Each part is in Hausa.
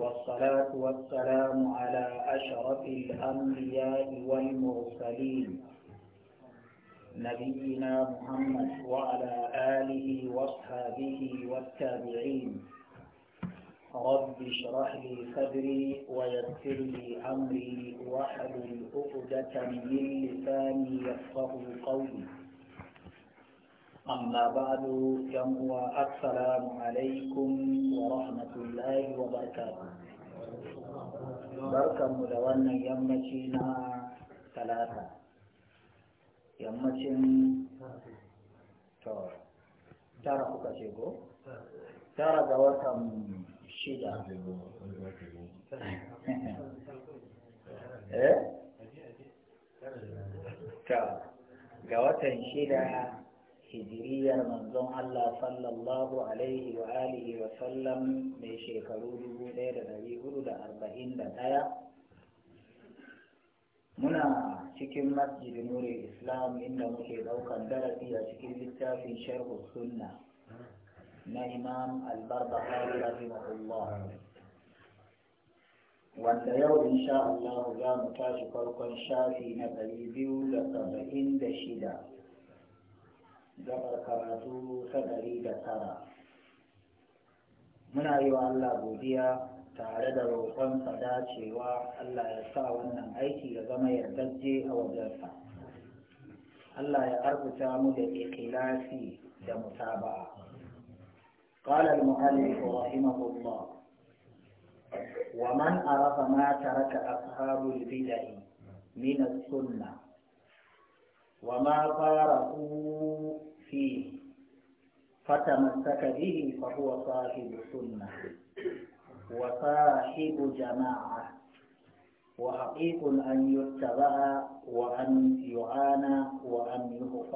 والصلاة والسلام على أشرف الأنبياء والمرسلين نبينا محمد وعلى آله وأصحابه والتابعين رب اشرح لي صدري ويسر لي أمري واحلل عقدة من لساني يفقه قولي Amma ba du yan uwa, Asalaamu alaikum wa rahmatullahi wa barka biyu. Barkanmu da wannan yammaci na talatu. Yammacin ta tara kuka ce ko? Tara ga watan shida. هجريا منظم الله صلى الله عليه وآله وسلم من شيكرو جبو ليلة ذي قرد أربعين دتايا منا شكل مسجد نور الإسلام إن مكيد أو كندرتي شكل في شرق السنة من إمام البربهاري رحمه الله wanda yau insha Allah za mu tashi farkon shafi na ɗari biyu da saba'in da gabar karatu ta ɗari da tara muna yi wa Allah godiya tare da roƙon roƙonsa dacewa Allah ya sa wannan aiki ya zama yardajje a wajensa Allah ya arbuta mu da ikhlasi da mutaba'a قال المؤلف رحمه الله ومن عرف ما ترك أصحاب البدع من السنة وما فارقوا فتمسك به فهو صاحب سنة وصاحب جماعة وحقيق أن يتبع وأن يعانى وأن يحفظ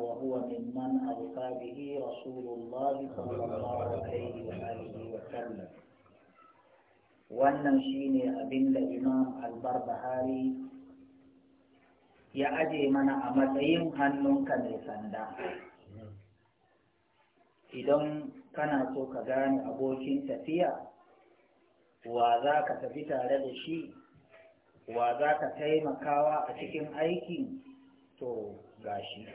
وهو ممن ألقى به رسول الله صلى الله عليه وآله وسلم wannan shine abin da imam albarbahari ya aje mana a matsayin hannunka mai sanda idan kana so ka gane abokin tafiya wa za ka tafi tare da shi wa za ka taimakawa a cikin aikin to gashi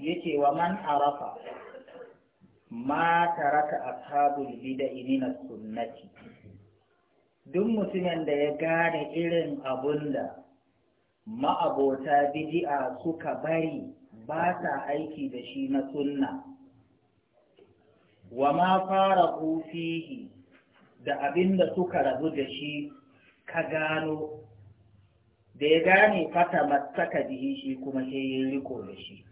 yake wa man arafa ma taraka ashabul bid'i min sunnati duk mutumin da ya gane irin abunda ma'abota bid'a suka bari ba sa aiki da shi na sunna wa ma fara fihi da abin da suka rabu da shi ka gano da ya gane fata matsaka bihi shi kuma ke yi riko da shi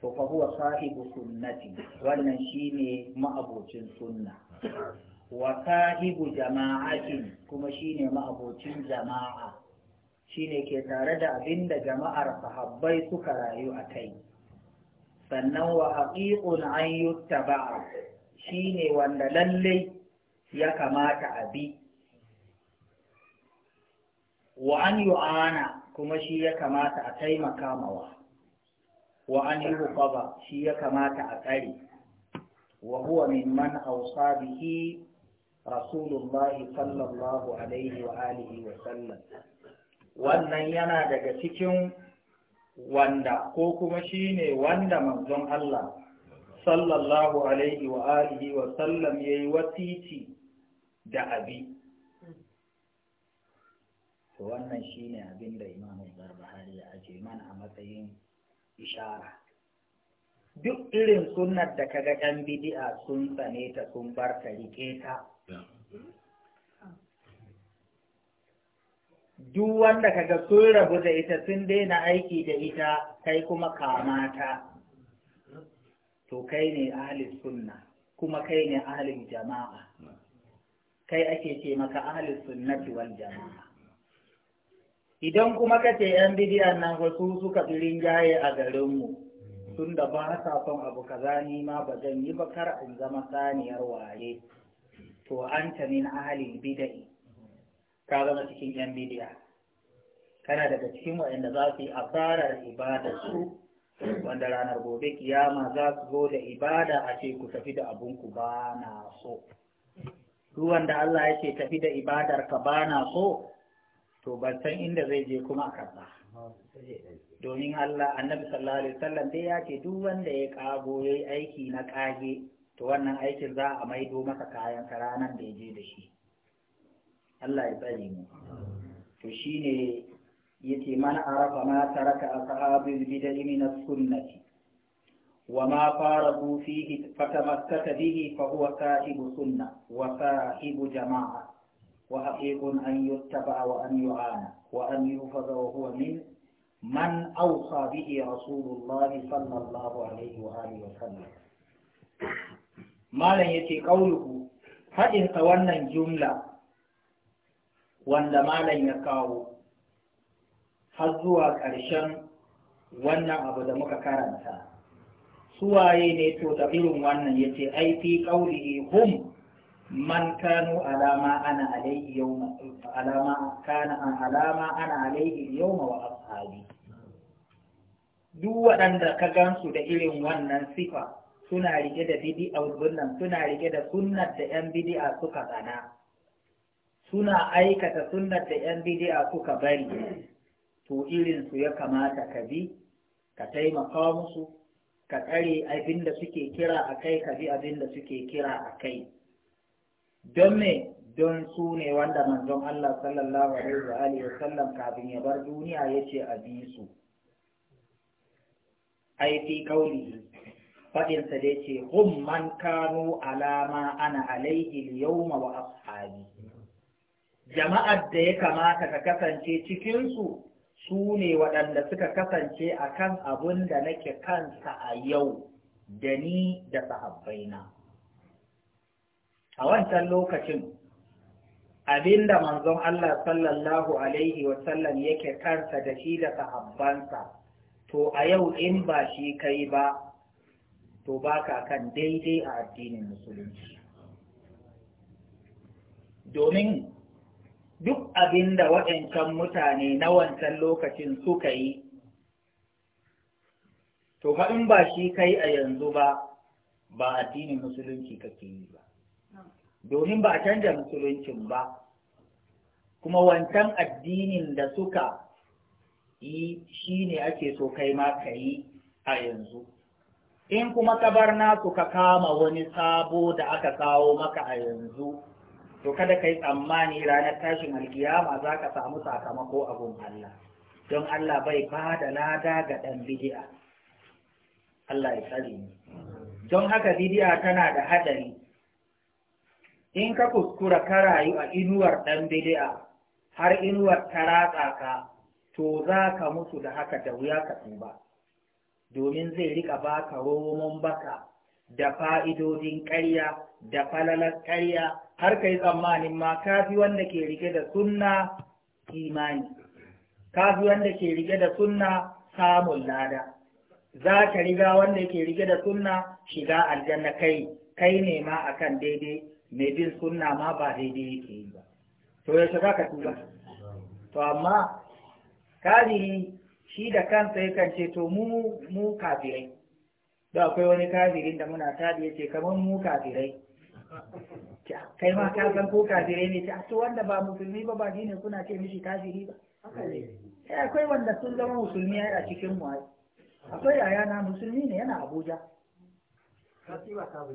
to fa huwa sahibu sunnati wannan shine ma'abocin sunna wa sahibu jama'atin kuma shine ma'abocin jama'a shine ke tare da abin da jama'ar sahabbai suka rayu a kai sannan wa haƙiƙun an yuttaba'a shine wanda lallai ya kamata a bi wa an kuma shi ya kamata a taimaka mawa wa an shi ya kamata a tsare wa huwa mimman awsa bihi rasulullahi sallallahu alaihi wa alihi wa sallam wannan yana daga cikin wanda ko kuma shi ne wanda manzon Allah sallallahu alaihi wa alihi wa sallam ya yi wasiti da abi to wannan shi ne abin da imamu Zarbahari ya ajiye mana a matsayin ishara duk irin sunnar da kaga yan bidi'a sun tsane ta sun bar ta rike ta duk wanda kaga sun rabu da ita sun daina aiki da ita kai kuma kamata to kai ne ahli sunna kuma kai ne ahli jama'a kai ake ce maka ahli sunnati wal jama'a idan kuma ka ce yan bidiyan nan wasu suka birin jaye a garinmu tun da ba sa son abu kaza ni ma ba zan yi ba kar in zama saniyar waye to an ta min ahli bid'ah ka zama cikin yan bidiya kana daga cikin waɗanda za su yi asarar ibadar su wanda ranar gobe kiyama za su zo da ibada a ce ku tafi da abunku ba na so duk wanda Allah ya tafi da ibadar ka ba na so to ban san inda zai je kuma a karɓa domin Allah annabi sallallahu alaihi wasallam dai ya ce duk wanda ya kago yayi aiki na kage to wannan aikin za a maido masa kayan ranar da ya je da shi Allah ya tsare mu to shine yace man arafa ma taraka ashabul bid'ah min as-sunnati wa ma farabu fihi fatamassaka bihi fa huwa sahibu sunna wa sahibu jama'a wa haqiqun an yuttaba wa an yu'ana wa an yufaza wa huwa min man awsa bihi rasulullah sallallahu alaihi wa alihi wa sallam malam yace qauluhu fadin wannan jumla wanda malam ya kawo har zuwa ƙarshen wannan abu da muka karanta suwaye ne to da irin wannan ya ce ai fi hum man kanu alama ana alaihi yawma alama kana an alama ana alaihi yawma wa ashabi duk waɗanda ka gansu da irin wannan sifa suna rike da bid'a wannan suna rike da sunnar da yan bid'a suka tsana suna aikata sunnar da yan bidi'a suka bari to irin su ya kamata ka bi ka taimaka musu ka tsare abin da suke kira a kai ka bi abin da suke kira a kai don me don su ne wanda manzon Allah sallallahu alaihi wa alihi wasallam kafin ya bar duniya yace a bi su ai fi kauli fadin sa da yace hum man kanu alama ana alaihi al-yawma wa ashabi jama'ar da ya kamata ka kasance cikinsu su ne waɗanda suka kasance a kan abin da nake kansa a yau da ni da sahabbaina a wancan lokacin abin da manzon Allah sallallahu Alaihi wasallam yake kansa da shi da sahabbansa to a yau in ba shi kai ba to baka kan daidai a addinin musulunci domin duk abin da waɗancan mutane na wancan lokacin suka yi, to haɗin ba shi kai a yanzu ba, ba addinin musulunci kake yi ba. Domin ba a canja musuluncin ba, kuma wancan addinin da suka yi shi ne ake so kai ma ka yi a yanzu. In kuma ka bar nasu ka kama wani sabo da aka kawo maka a yanzu. to kada ka yi tsammani ranar tashin alkiyama za ka samu sakamako a gun Allah don Allah bai ba da lada ga ɗan Allah ya tsare ni don haka bidi'a tana da haɗari in ka kuskura ka rayu a inuwar ɗan bidi'a har inuwar ta ratsa ka to za ka mutu da haka da wuya ka tuba domin zai rika baka romon baka da fa'idodin ƙarya da falalar ƙarya har ka yi tsammanin ma kafi wanda ke rike da sunna imani kafi wanda ke rike da sunna samun lada za ka riga wanda ke rike da sunna shiga aljanna kai kai ne ma akan daidai mai bin sunna ma ba daidai yake yi ba to yaushe za ka tuba to amma kafiri shi da kansa yakan ce to mu mu kafirai da akwai wani kafirin da muna tabi yace kamar mu kafirai kai ma ka san ko kafirai ne ta su wanda ba musulmi ba ba ne kuna ce mishi kafiri ba eh akwai wanda sun zama musulmi a cikin mu akwai yaya na musulmi ne yana Abuja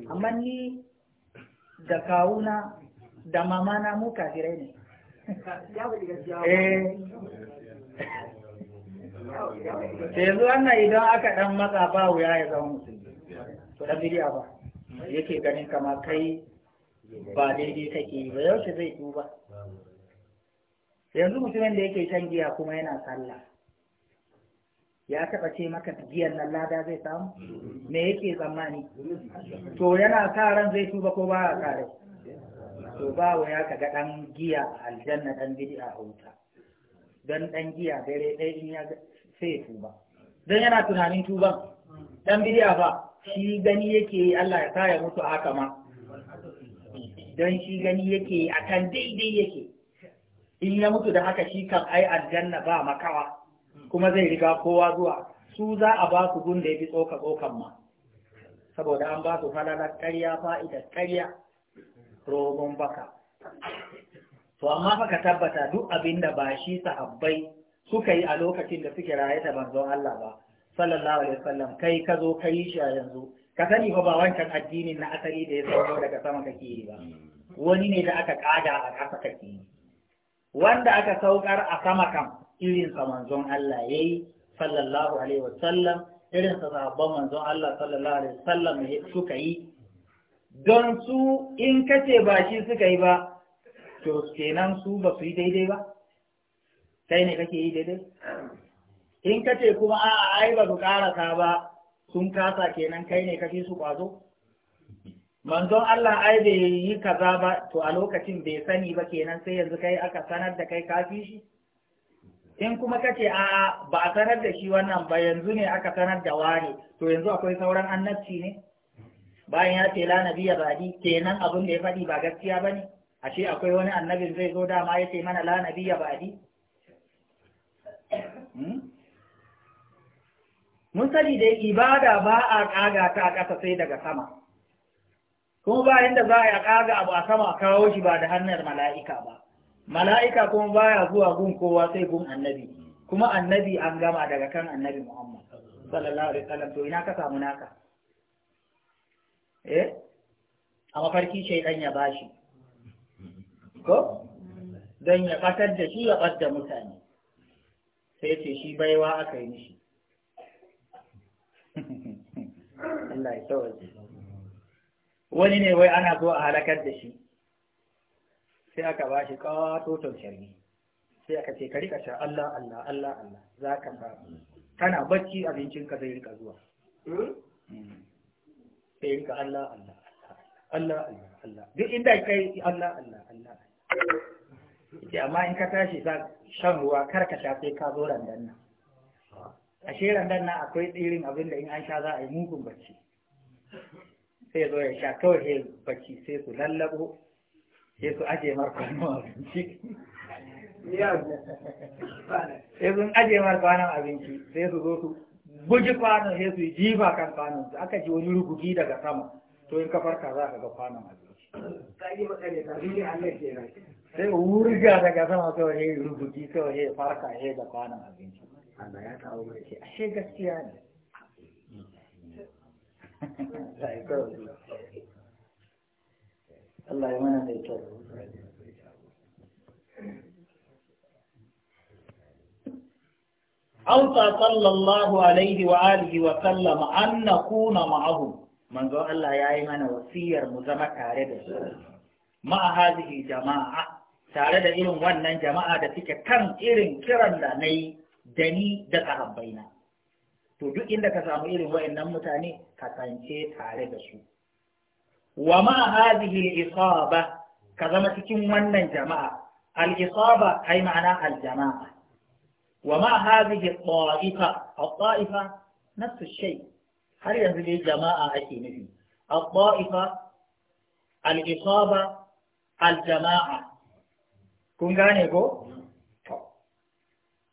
amma ni da kawuna da mamana mu kafirai ne eh yanzu wannan idan aka dan matsa ba wuya ya zama musulmi to da bidiya ba yake ganin kama kai ba daidai kake yi ba yaushe zai tuba yanzu mutumin da yake shan giya kuma yana sallah ya taɓa ce maka giyan nan lada zai samu me yake tsammani to yana sa ran zai tuba ko ba a kare to ba wa ya kaga ɗan giya aljanna ɗan bid'a a dan don ɗan giya dare dai in ya sai tuba don yana tunanin tuban ɗan bid'a ba shi gani yake Allah ya sa ya mutu haka ma don shi gani yake a kan daidai yake in ya mutu da haka shi kan ai aljanna ba makawa kuma zai riga kowa zuwa su za a ba su gun ya fi tsoka tsokan ma saboda an ba su halalar karya fa'idar karya rogon baka to amma fa tabbata duk abin da ba shi sahabbai suka yi a lokacin da suke raye da manzon Allah ba sallallahu alaihi wasallam kai ka zo ka yi shi a yanzu ka sani ba wancan addinin na asali da ya zama daga sama ka yi ba mm. wani ne da aka kada a ƙasa ka yi wanda aka saukar a sama kam irin sa manzon Allah yayi sallallahu alaihi wasallam irin sa sahabban manzon Allah sallallahu alaihi wasallam suka yi don su in kace ba shi suka yi ba to kenan su ba su yi daidai ba kai ne kake yi daidai in kace kuma a'a ai ba su karasa ba sun kasa kenan kai ne kafi su kwazo manzon Allah ai bai yi kaza ba to a lokacin bai sani ba kenan sai yanzu kai aka sanar da kai kafi shi in kuma kace a ba a sanar da shi wannan ba yanzu ne aka sanar da wani to yanzu akwai sauran annabci ne bayan ya ce lana biya baɗi, kenan abin da ya faɗi ba gaskiya ba bane ashe akwai wani annabin zai zo dama ya ce mana lana biya ba'di hmm? mun sani dai ibada ba a kaga ta a ƙasa sai daga sama kuma ba yadda za a kaga abu a sama a kawo shi ba da hannun mala'ika ba mala'ika kuma baya zuwa gun kowa sai gun annabi kuma annabi an gama daga kan annabi muhammad sallallahu alaihi wasallam to ina ka samu naka eh a mafarki shaidan ya bashi ko don ya ɓatar da shi ya da mutane sai ce shi baiwa aka yi mishi Allah ya sauke wani ne wai ana zuwa a halakar da shi sai aka ba shi ƙatoton shari'i sai aka ce ka rika Allah Allah Allah Allah za ka samu kana bacci abincinka zai rika zuwa hmm. sai rika Allah Allah Allah Allah Allah duk inda kai Allah Allah Allah Allah amma in ka tashi shan ruwa kar ka shafe ka zo randan nan a shirin nan akwai tsirin abin da in an sha za a yi mugun bacci sai zo ya sha kawai sai bacci sai su lallabo sai su aje mar abinci sai sun aje mar abinci sai su zo su buji kwanon sai su yi jifa kan kwanon su aka ji wani rugugi daga sama to in ka farka za ka ga kwanon abinci sai wurga daga sama kawai sai rugugi kawai sai farka sai da kwanon abinci amma ya kawo mana ce ashe gaskiya ne Allah ya mana mai kyau أوصى صلى الله عليه وآله وسلم أن نكون معهم من ذو الله يا إيمان وسير مزمة تارد مع هذه جماعة تارد إلن ونن جماعة تلك كم إلن كرن لني da ni da to duk inda ka samu irin wa'annan mutane ka kasance tare da su wa ma hadhihi al-isaba ka zama cikin wannan jama'a al-isaba ai ma'ana al-jama'a wa ma hadhihi al-ta'ifa al-ta'ifa nafsu shay har yanzu dai jama'a ake nufi al-ta'ifa al-isaba al-jama'a kun gane ko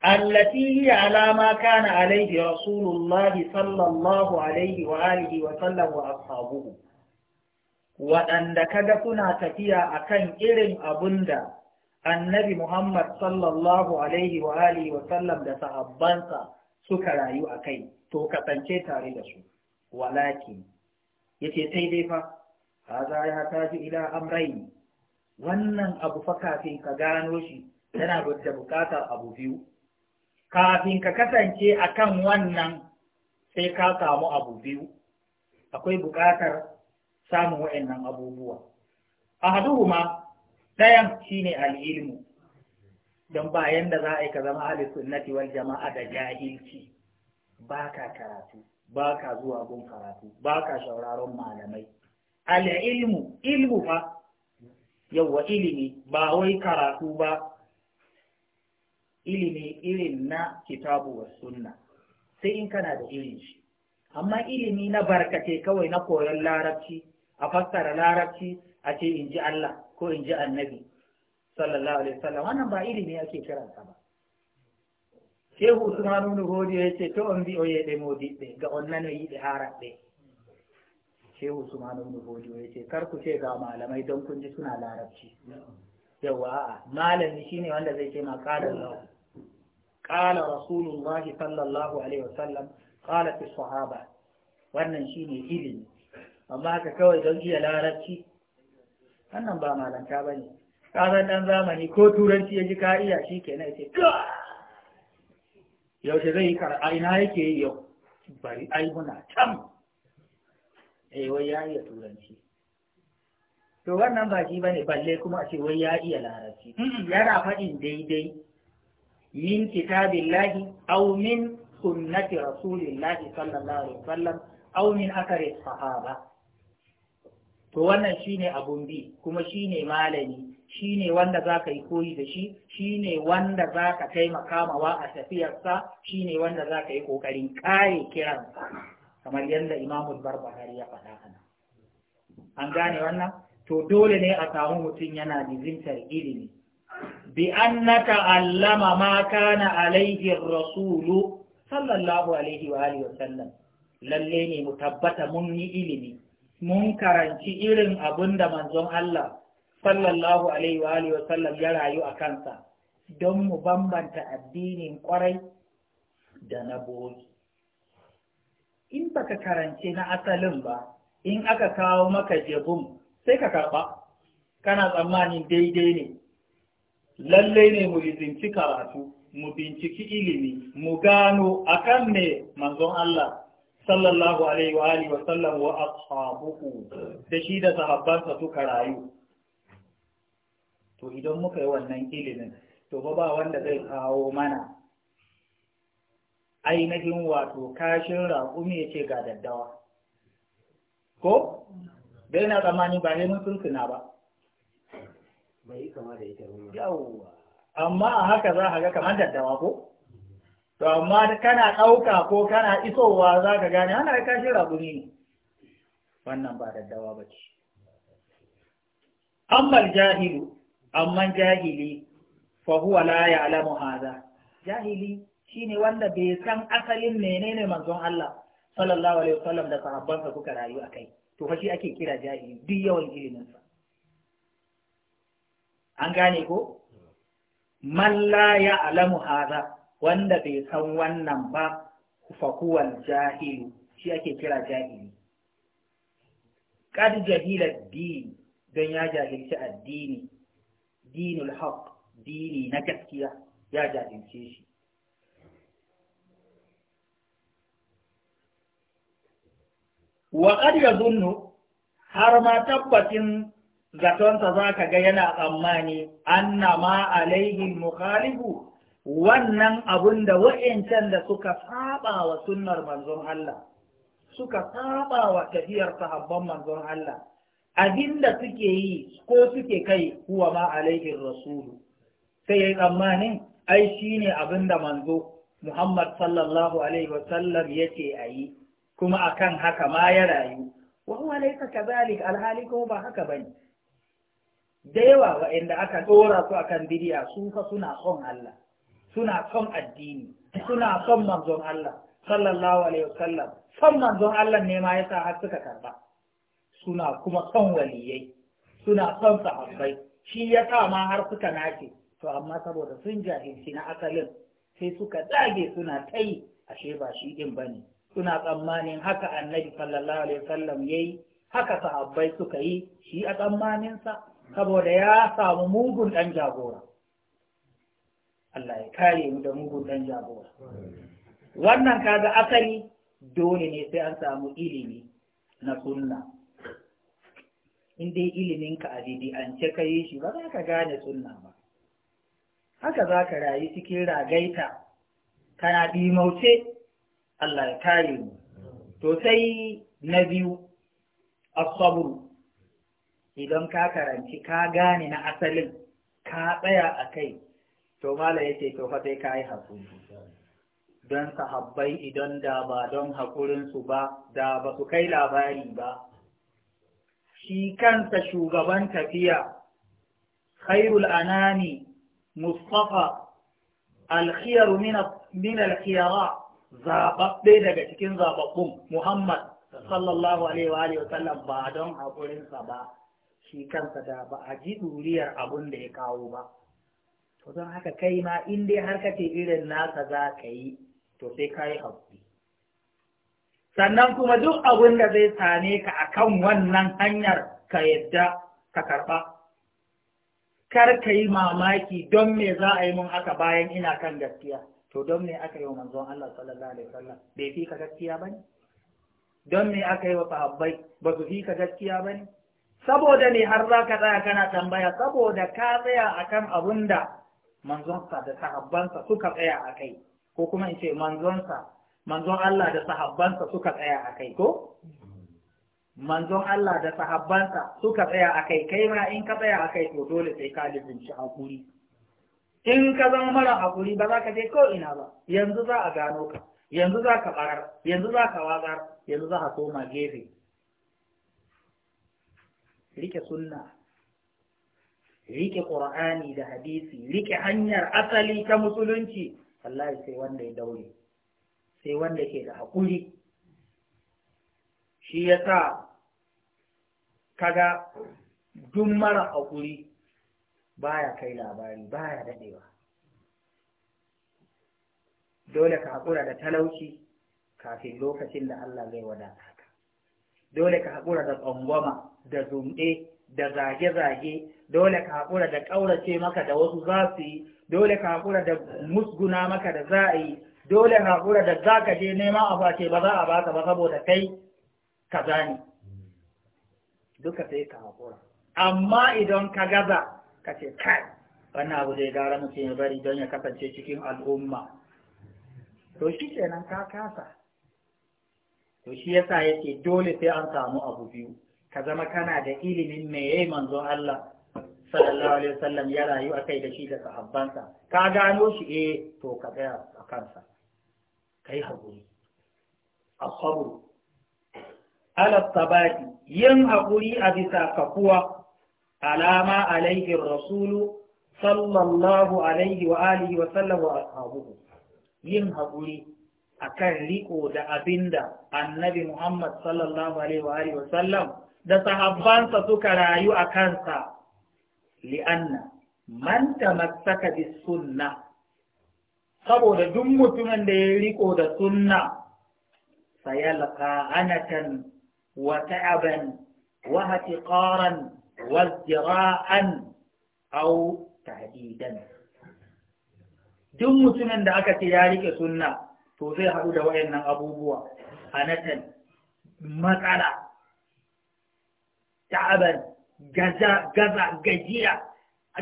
التي هي على ما كان عليه رسول الله صلى الله عليه وآله وسلم وأصحابه waɗanda kaga suna tafiya akan irin abun da annabi Muhammad sallallahu alaihi wa wa sallam da sahabbansa suka rayu a kai to kasance tare da su walaki yace sai dai fa haza ya tafi ila wannan abu fa kafin ka gano shi yana da bukatar abu biyu kafin ka kasance a kan wannan sai ka samu abu biyu akwai buƙatar samun wa'annan abubuwa A ma ɗayan shine al'ilmu don bayan da za a yi ka zama halin sunnati wal jama'a da jahilci ba ka karatu ba ka zuwa gun karatu ba ka shauraron malamai al'ilmu ilmu fa yawwa ilimi ba wai karatu ba ilimi irin na kitabu wa sunna sai in kana da irin shi amma ilimi na barkace kawai na koyon larabci a fassara larabci a ce in ji Allah ko in ji annabi sallallahu alaihi wasallam wannan ba ilimi ake kiransa ba shehu usmanu ibn hodi ya ce to on bi oye yede modi de ga onnano yide hara de shehu usmanu ibn hodi ya ce kar ku ce ga malamai don kun ji suna larabci yawa malami shine wanda zai ce ma qala Allah قال رسول الله صلى الله عليه وسلم قالت الصحابة wannan shine ilimi amma haka kawai don iya larabci wannan ba malanta ba ne ƙasar ɗan zamani ko turanci ya ji ka iya shi ke na ce yaushe zai yi karɓa ina yake yi yau bari ai muna can eh wai ya iya turanci to wannan ba shi bane balle kuma a ce wai ya iya larabci hmm, yana faɗin daidai min kitabillahi aw min sunnati rasulillahi sallallahu alaihi wasallam aw min akari sahaba to wannan shine abun bi kuma shine malami shine wanda za yi koyi da shi shine wanda za ka taimaka mawa a tafiyarsa shine wanda za yi ƙoƙarin kare kiransa kamar yadda imamu barbahari ya faɗa ana an gane wannan to dole ne a samu mutum yana zintar ilimi bi annaka allama ma kana alaihi rasulu sallallahu alaihi wa alihi wasallam lalle ne mu tabbata mun yi ilimi mun karanci irin abin da manzon Allah sallallahu alaihi wa alihi ya rayu a kansa don mu bambanta addinin ƙwarai da na boki. in baka karance na asalin ba in aka kawo maka jebum sai ka karba kana tsammanin daidai ne lallai ne mu izinci karatu mu binciki ilimi mu gano akan me manzon Allah sallallahu alaihi wa sallam wa ashabuhu da shi da sahabbansa suka rayu to idan muka yi wannan ilimin to ba ba wanda zai kawo mana ainihin wato kashin raƙumi ya ce ga daddawa ko bai na tsammani ba ne mun ba bai kama da ita ba yawwa amma a haka za ka ga kamar daddawa ko to amma kana ɗauka ko kana isowa za ka gane ana ka shi rabuni ne wannan ba daddawa ba ce ammal jahilu amma jahili fa huwa la ya'lamu hadha jahili shine wanda bai san asalin menene manzon Allah sallallahu alaihi wasallam da sahabbansa suka rayu akai to fa shi ake kira jahili duk yawan ilimin sa an gane ko man ya alamu haza wanda bai san wannan ba fakuwan jahilu shi ake kira jahili kad jahila dini don ya jahilci addini dinul haq dini na gaskiya ya jahilce shi wa qad har ma tabbacin zatonsa za ka ga yana tsammani anna ma alaihi mukhalifu wannan abun da wa'yancan da suka saba wa sunnar manzon Allah suka saba wa tafiyar sahabban manzon Allah abinda suke yi ko suke kai huwa ma alaihi rasulu sai ya yi tsammanin ai shi abin abinda manzo Muhammad sallallahu alaihi wasallam ya ce a yi kuma akan haka ma ya rayu wa huwa laysa kadhalik alhali ko ba haka bane da yawa waɗanda aka ɗora su akan bidiya su fa suna son Allah suna son addini suna son manzon Allah sallallahu alaihi wasallam son manzon Allah ne ma yasa har suka karba suna kuma son waliyai suna son sahabbai shi yasa ma har suka nace to amma saboda sun jahilci na asalin sai suka dage suna tai ashe ba shi din bane suna tsammanin haka annabi sallallahu alaihi wasallam yayi haka sahabbai suka yi shi a tsammaninsa saboda ya samu mugun ɗan jagora Allah ya kare mu da mugun ɗan jagora wannan kaga asali dole ne sai an samu ilimi na sunna in dai ilimin iliminka a bidiyance ka yi shi ba za ka gane sunna ba haka za ka rayu cikin ragaita kana ɗimauce Allah ya kare mu to sai na biyu asabru idan ka karanci ka gane na asalin ka tsaya a kai to mala ce to fa sai ka yi haƙuri don sahabbai idan da ba don haƙurinsu ba da ba su kai labari ba shi kansa shugaban tafiya khairul anani, mustafa alkhiyar min alkhiyara zaɓaɓɓe daga cikin zababbun muhammad sallallahu alaihi wa sallam ba don haƙurinsa ba shi kansa da ba a ji ɗuriyar abun da ya kawo ba to don haka kai ma in dai har kace irin nasa za ka yi to sai ka yi haƙuri sannan kuma duk abun da zai same ka akan wannan hanyar ka yadda ka karɓa kar ka yi mamaki don me za a yi mun haka bayan ina kan gaskiya to don me aka yi wa manzon Allah sallallahu alaihi wasallam bai fi ka gaskiya bane don me aka yi wa sahabbai ba su fi ka gaskiya bane saboda ne har za ka tsaya kana tambaya saboda ka tsaya a kan abun da manzonsa da sahabbansa suka tsaya a kai ko kuma in ce manzonsa manzon Allah da sahabbansa suka tsaya a kai ko manzon Allah da sahabbansa suka tsaya a kai kai ma in ka tsaya a kai to dole sai ka a hakuri in ka zama mara hakuri ba za ka je ko ina ba yanzu za a gano ka yanzu za ka barar yanzu za ka wazar yanzu za ka koma gefe rike sunna rike qur'ani da hadisi rike hanyar asali ta musulunci wallahi sai wanda ya daure sai wanda ke da haƙuri shi yasa kaga duk mara haƙuri baya kai labari baya dadewa dole ka haƙura da talauci kafin lokacin da Allah zai wadata ka dole ka haƙura da tsangwama da zumɗe da zage-zage dole ka haƙura da ƙaurace maka da wasu za su yi dole ka haƙura da musguna maka da za a yi dole ka haƙura da za ka je nema a face ba za a baka ba saboda kai za ne duka sai ka haƙura amma idan ka gaza ka ce kai wannan abu zai gara mutum ya bari don ya kasance cikin al'umma to shi kenan ka kasa to shi yasa yake dole sai an samu abu biyu ka zama kana da ilimin yi manzon Allah sallallahu alaihi wasallam ya rayu akai da shi da sahabbansa ka gano shi eh to ka tsaya a kansa kai hakuri asabru ala tabati yin hakuri a bisa kafuwa alama alaihi rasulu sallallahu alaihi wa alihi wa sallam wa ashabuhu yin hakuri akan riko da abinda annabi Muhammad sallallahu alaihi wa alihi wa sallam da sahabbansa suka rayu a kansa li'anna man tamassaka bis sunna saboda duk mutumin da ya riko da sunna sayalqa anatan wa ta'aban wa hatiqaran wa zira'an aw tahdidan duk mutumin da aka ce ya rike sunna to zai haɗu da wayannan abubuwa anatan matsala ta'aban gaza gaza gajiya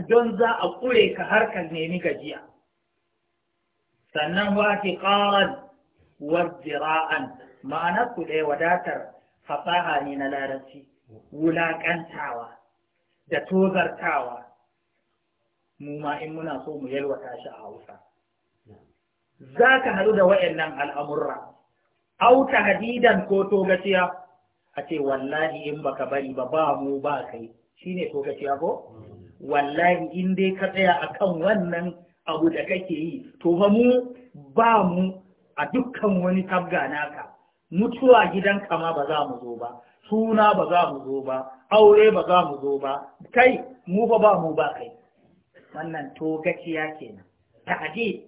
don za a ƙure ka harkar nemi gajiya sannan wati ƙaran wadzira'an ma'anar ku ɗaya wadatar fasaha ne na larabci wulaƙantawa da tozartawa mu ma in muna so mu yalwata shi a hausa za ka haɗu da wa'annan al'amurra Auta hadidan ko togaciya a ce wallahi in baka bari ba ba mu ba kai ne ko ka ko wallahi in dai ka tsaya akan wannan abu da kake yi to fa mu ba mu a dukkan wani tabga naka mutuwa gidan kama ba za mu zo ba suna ba za mu zo ba aure ba za mu zo ba kai mu fa ba mu ba kai wannan togaciya kenan ta'adi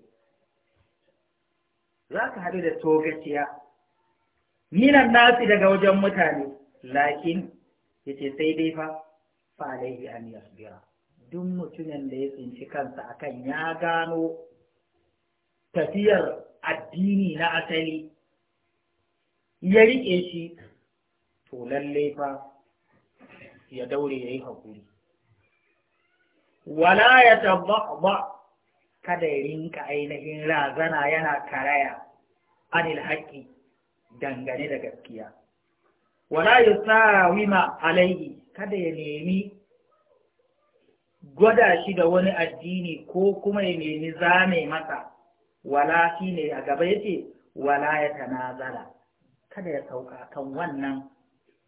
za ka haɗu da togaciya minan nasi daga wajen mutane lakin yace sai dai fa fa alaihi an yasbira duk mutumin da ya tsinci kansa akan ya gano tafiyar addini na asali ya riƙe shi to lalle fa ya daure ya yi haƙuri wala ya tabba ba kada ya rinka ainihin razana yana karaya anil haƙƙi dangane da gaskiya wala yusawima alaihi kada ya nemi gwada shi da wani addini ko kuma ya nemi zame masa wala shi ne a gaba yake. wala ya tanazala kada ya sauka kan wannan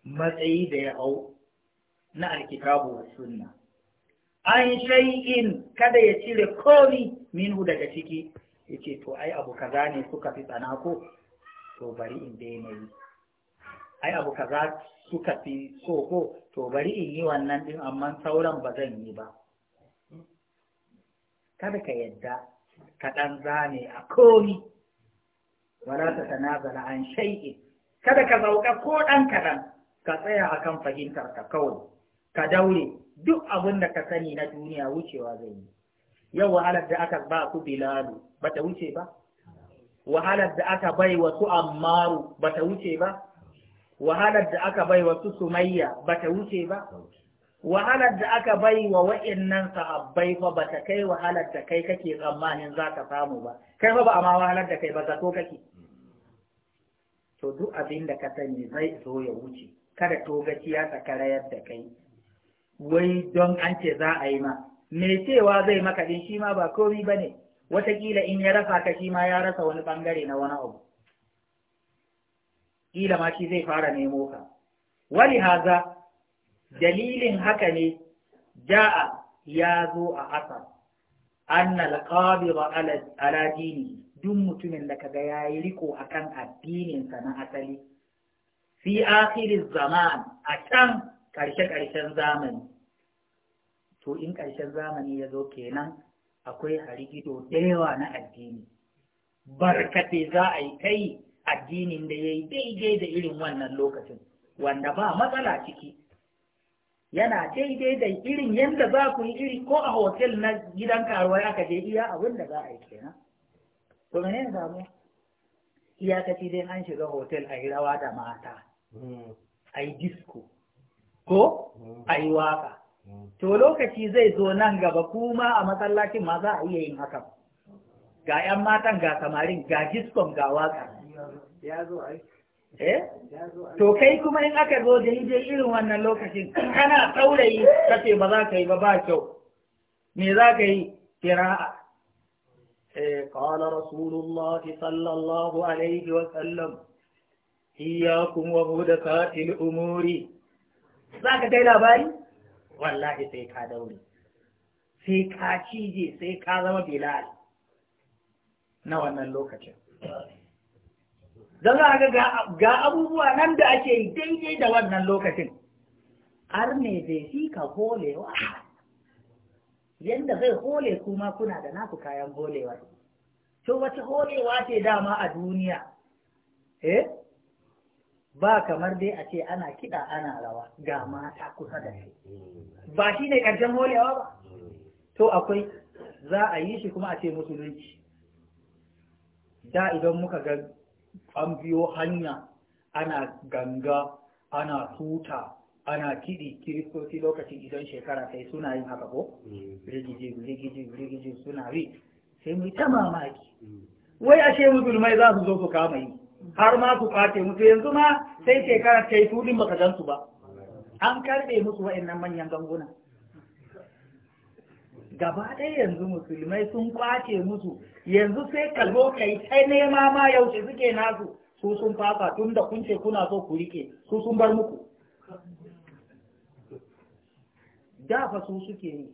matsayi da ya hau na alkitabu wa sunna an shay'in kada ya cire komi minhu daga ciki ce to ai abu kaza ne suka fi tsana ko to bari in daina yi ai abu kaza suka fi so ko to bari in yi wannan din amma sauran ba zan yi ba kada ka yadda ka ɗan zane a komi wala ta tanazala an shay'in kada ka zauka ko ɗan kaɗan ka tsaya akan fahimtar ka kawai ka daure duk abin da ka sani na duniya wucewa zai yi yau wahalar da aka ba ku bilalu ba ta wuce ba wahalar da aka bai wa su ammaru ba ta wuce ba wahalar da aka bai wa su sumayya ba ta wuce ba wahalar da aka bai wa wa'innan sahabbai fa ba ta kai wahalar da kai kake tsammanin za ka samu ba kai fa ba a ma wahalar da kai ba zato kake to duk abin da ka sani zai zo ya wuce kada to ya ta karayar da kai wai don an ce za a yi ma me cewa zai maka din shi ma ba komi ba ne wataƙila in ya rasa ka shi ma ya rasa wani bangare na wani abu ƙila ma shi zai fara nemo ka wani haza dalilin haka ne ja'a ya zo a asar annal qabira ala dini duk mutumin da kaga yayi riko akan addininsa na asali fi akhiriz zaman a can karshe karshen zamani to in karshen zamani ya zo kenan akwai harigido da yawa na addini barkate za a yi kai addinin da ya yi daidai da irin wannan lokacin wanda ba matsala ciki yana daidai da irin yadda za ku yi iri ko a hotel na gidan karuwa aka je iya abin da za a yi kenan to ne samu. iyakaci dai an shiga hotel a yi rawa da mata hmm. a yi disko ko hmm. a yi waka to lokaci zai zo nan gaba kuma a masallacin ma za a iya yin hakan ga 'yan matan ga samarin ga jiskon ga waka ya zo eh? to kai kuma in aka zo da hijir irin wannan lokacin kana saurayi kace ba za ka yi ba ba kyau me za ka yi kira a? Eh kira'a قال sallallahu alaihi wa sallam. Iyakun wa إياكم umuri. Za ka kai labari? wallahi sai ka daure sai ka cije sai ka zama bilal na wannan lokacin don ga ga abubuwa nan da ake daidai da wannan lokacin har ne fi ka holewa yadda zai hole kuma kuna da naku kayan holewa to wace holewa ce dama a duniya eh ba kamar dai a ce ana kiɗa ana rawa ga mata kusa da shi mm. ba shi ne ƙarshen holewa ba mm. to akwai za a yi shi kuma a ce musulunci da idan muka ga an biyo hanya ana ganga ana tuta ana kiɗi kiristoci lokacin idan shekara sai suna yin haka ko mm. rigiji rigiji rigiji suna yi sai mu ta mamaki wai ashe musulmai za su zo su kama yi har ma su kwace musu yanzu ma sai shekara ta yi tudin baka gansu ba an karɓe musu wa'annan manyan ganguna gaba ɗaya yanzu musulmai sun kwace musu yanzu sai kalbo kai sai nema ma yaushe suke nasu su sun fasa tun da kun kuna so ku rike su sun bar muku da fa su suke yi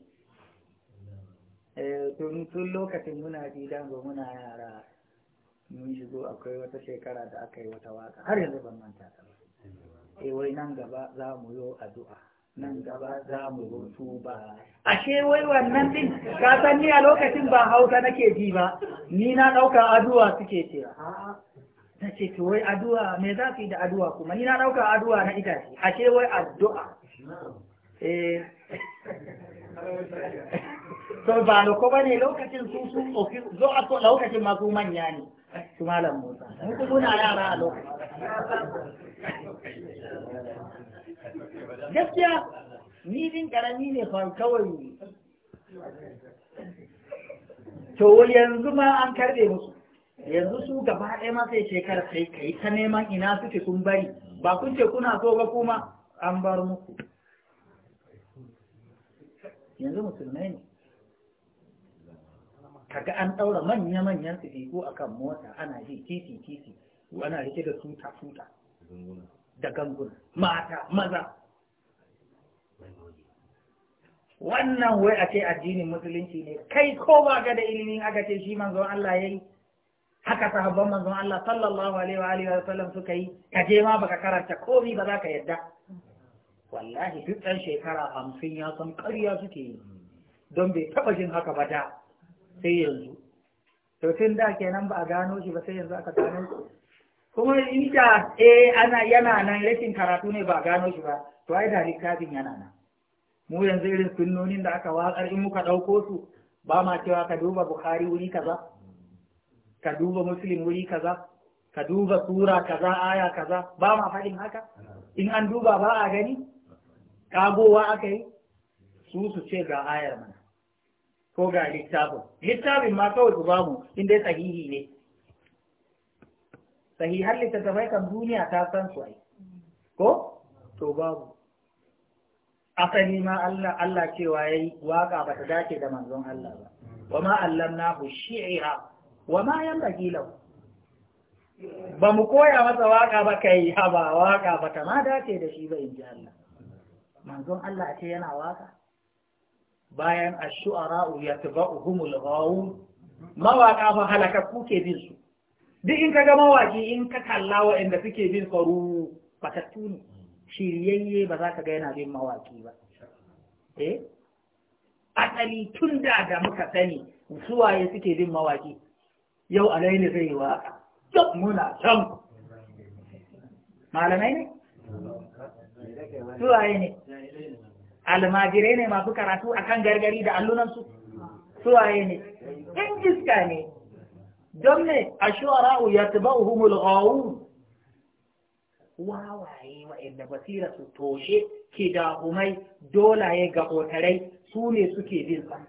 eh, tun lokacin muna jidan ba muna yara mun shigo akwai wata shekara da aka yi wata waka har yanzu ban manta ta ba E, wai nan gaba za mu yo addu'a nan gaba za mu yi tuba ashe wai wannan din ka san ni a lokacin ba hausa nake ji ba ni na dauka addu'a suke ce a'a na ce to wai addu'a me za su yi da addu'a kuma ni na dauka addu'a na itace ashe wai addu'a eh to ba ko bane lokacin su su zo a lokacin ma su manya ne su malam motsa ku kuna yara a lokacin gaskiya ni din karami ne fa kawai to yanzu ma an karbe musu yanzu su gaba ɗaya ma sai shekara sai kai ta neman ina suke sun bari ba kun ce kuna so ba kuma an bar muku yanzu musulmai ne kaga an ɗaura manya-manyan tsibiku a kan mota ana ji titi titi ana rike da tuta tuta da ganguna mata maza wannan wai a ce addinin musulunci ne kai ko ba ga da ilimin aka ce shi manzo Allah yayi haka sahabban manzo Allah sallallahu alaihi wa alihi wa sallam suka yi ka je ma baka karanta bi ba za ka yadda wallahi duk ɗan shekara hamsin ya san ƙarya suke yi hmm. don bai taɓa jin haka ba da sai yanzu to tun da kenan ba a gano shi ba sai yanzu aka gano shi kuma inda eh ana yana nan rashin karatu ne ba a gano shi ba to ai da littafin yana nan mu yanzu irin sunnonin da aka watsar in muka ɗauko su ba ma cewa ka duba bukhari wuri kaza ka duba muslim wuri kaza ka duba sura kaza aya kaza ba ma faɗin haka in an duba ba a gani kagowa aka yi su su ce ga ayar mana ko ga littafin littafin ma kawai ku bamu in dai sahihi ne sahihan littattafai kan duniya ta san su ai ko to babu asali ma Allah Allah cewa yayi waka ba ta dace da manzon Allah ba wa ma hu shi'a wa ma yanbaghi lahu ba mu koya masa waka ba kai ha ba waka ba ta ma dace da shi ba in ji Allah manzon Allah ce yana waka bayan ash-shu'ara yatba'uhumul ghawun mawaka fa halaka kuke bin su duk in ka ga mawaki in ka kalla waɗanda suke bin faru fatattu ne shiryayye ba za ka ga yana bin mawaki ba eh asali tun da da muka sani suwaye suke bin mawaki yau alaini zai yi waka duk muna can malamai ne suwaye ne almajirai ne masu karatu akan gargari da allunansu suwaye ne in iska ne don ne a shuwara'u ya taba uhumul gawun wawaye wa'inda basira su toshe ke da umai dolaye ga otarai su ne suke bin sa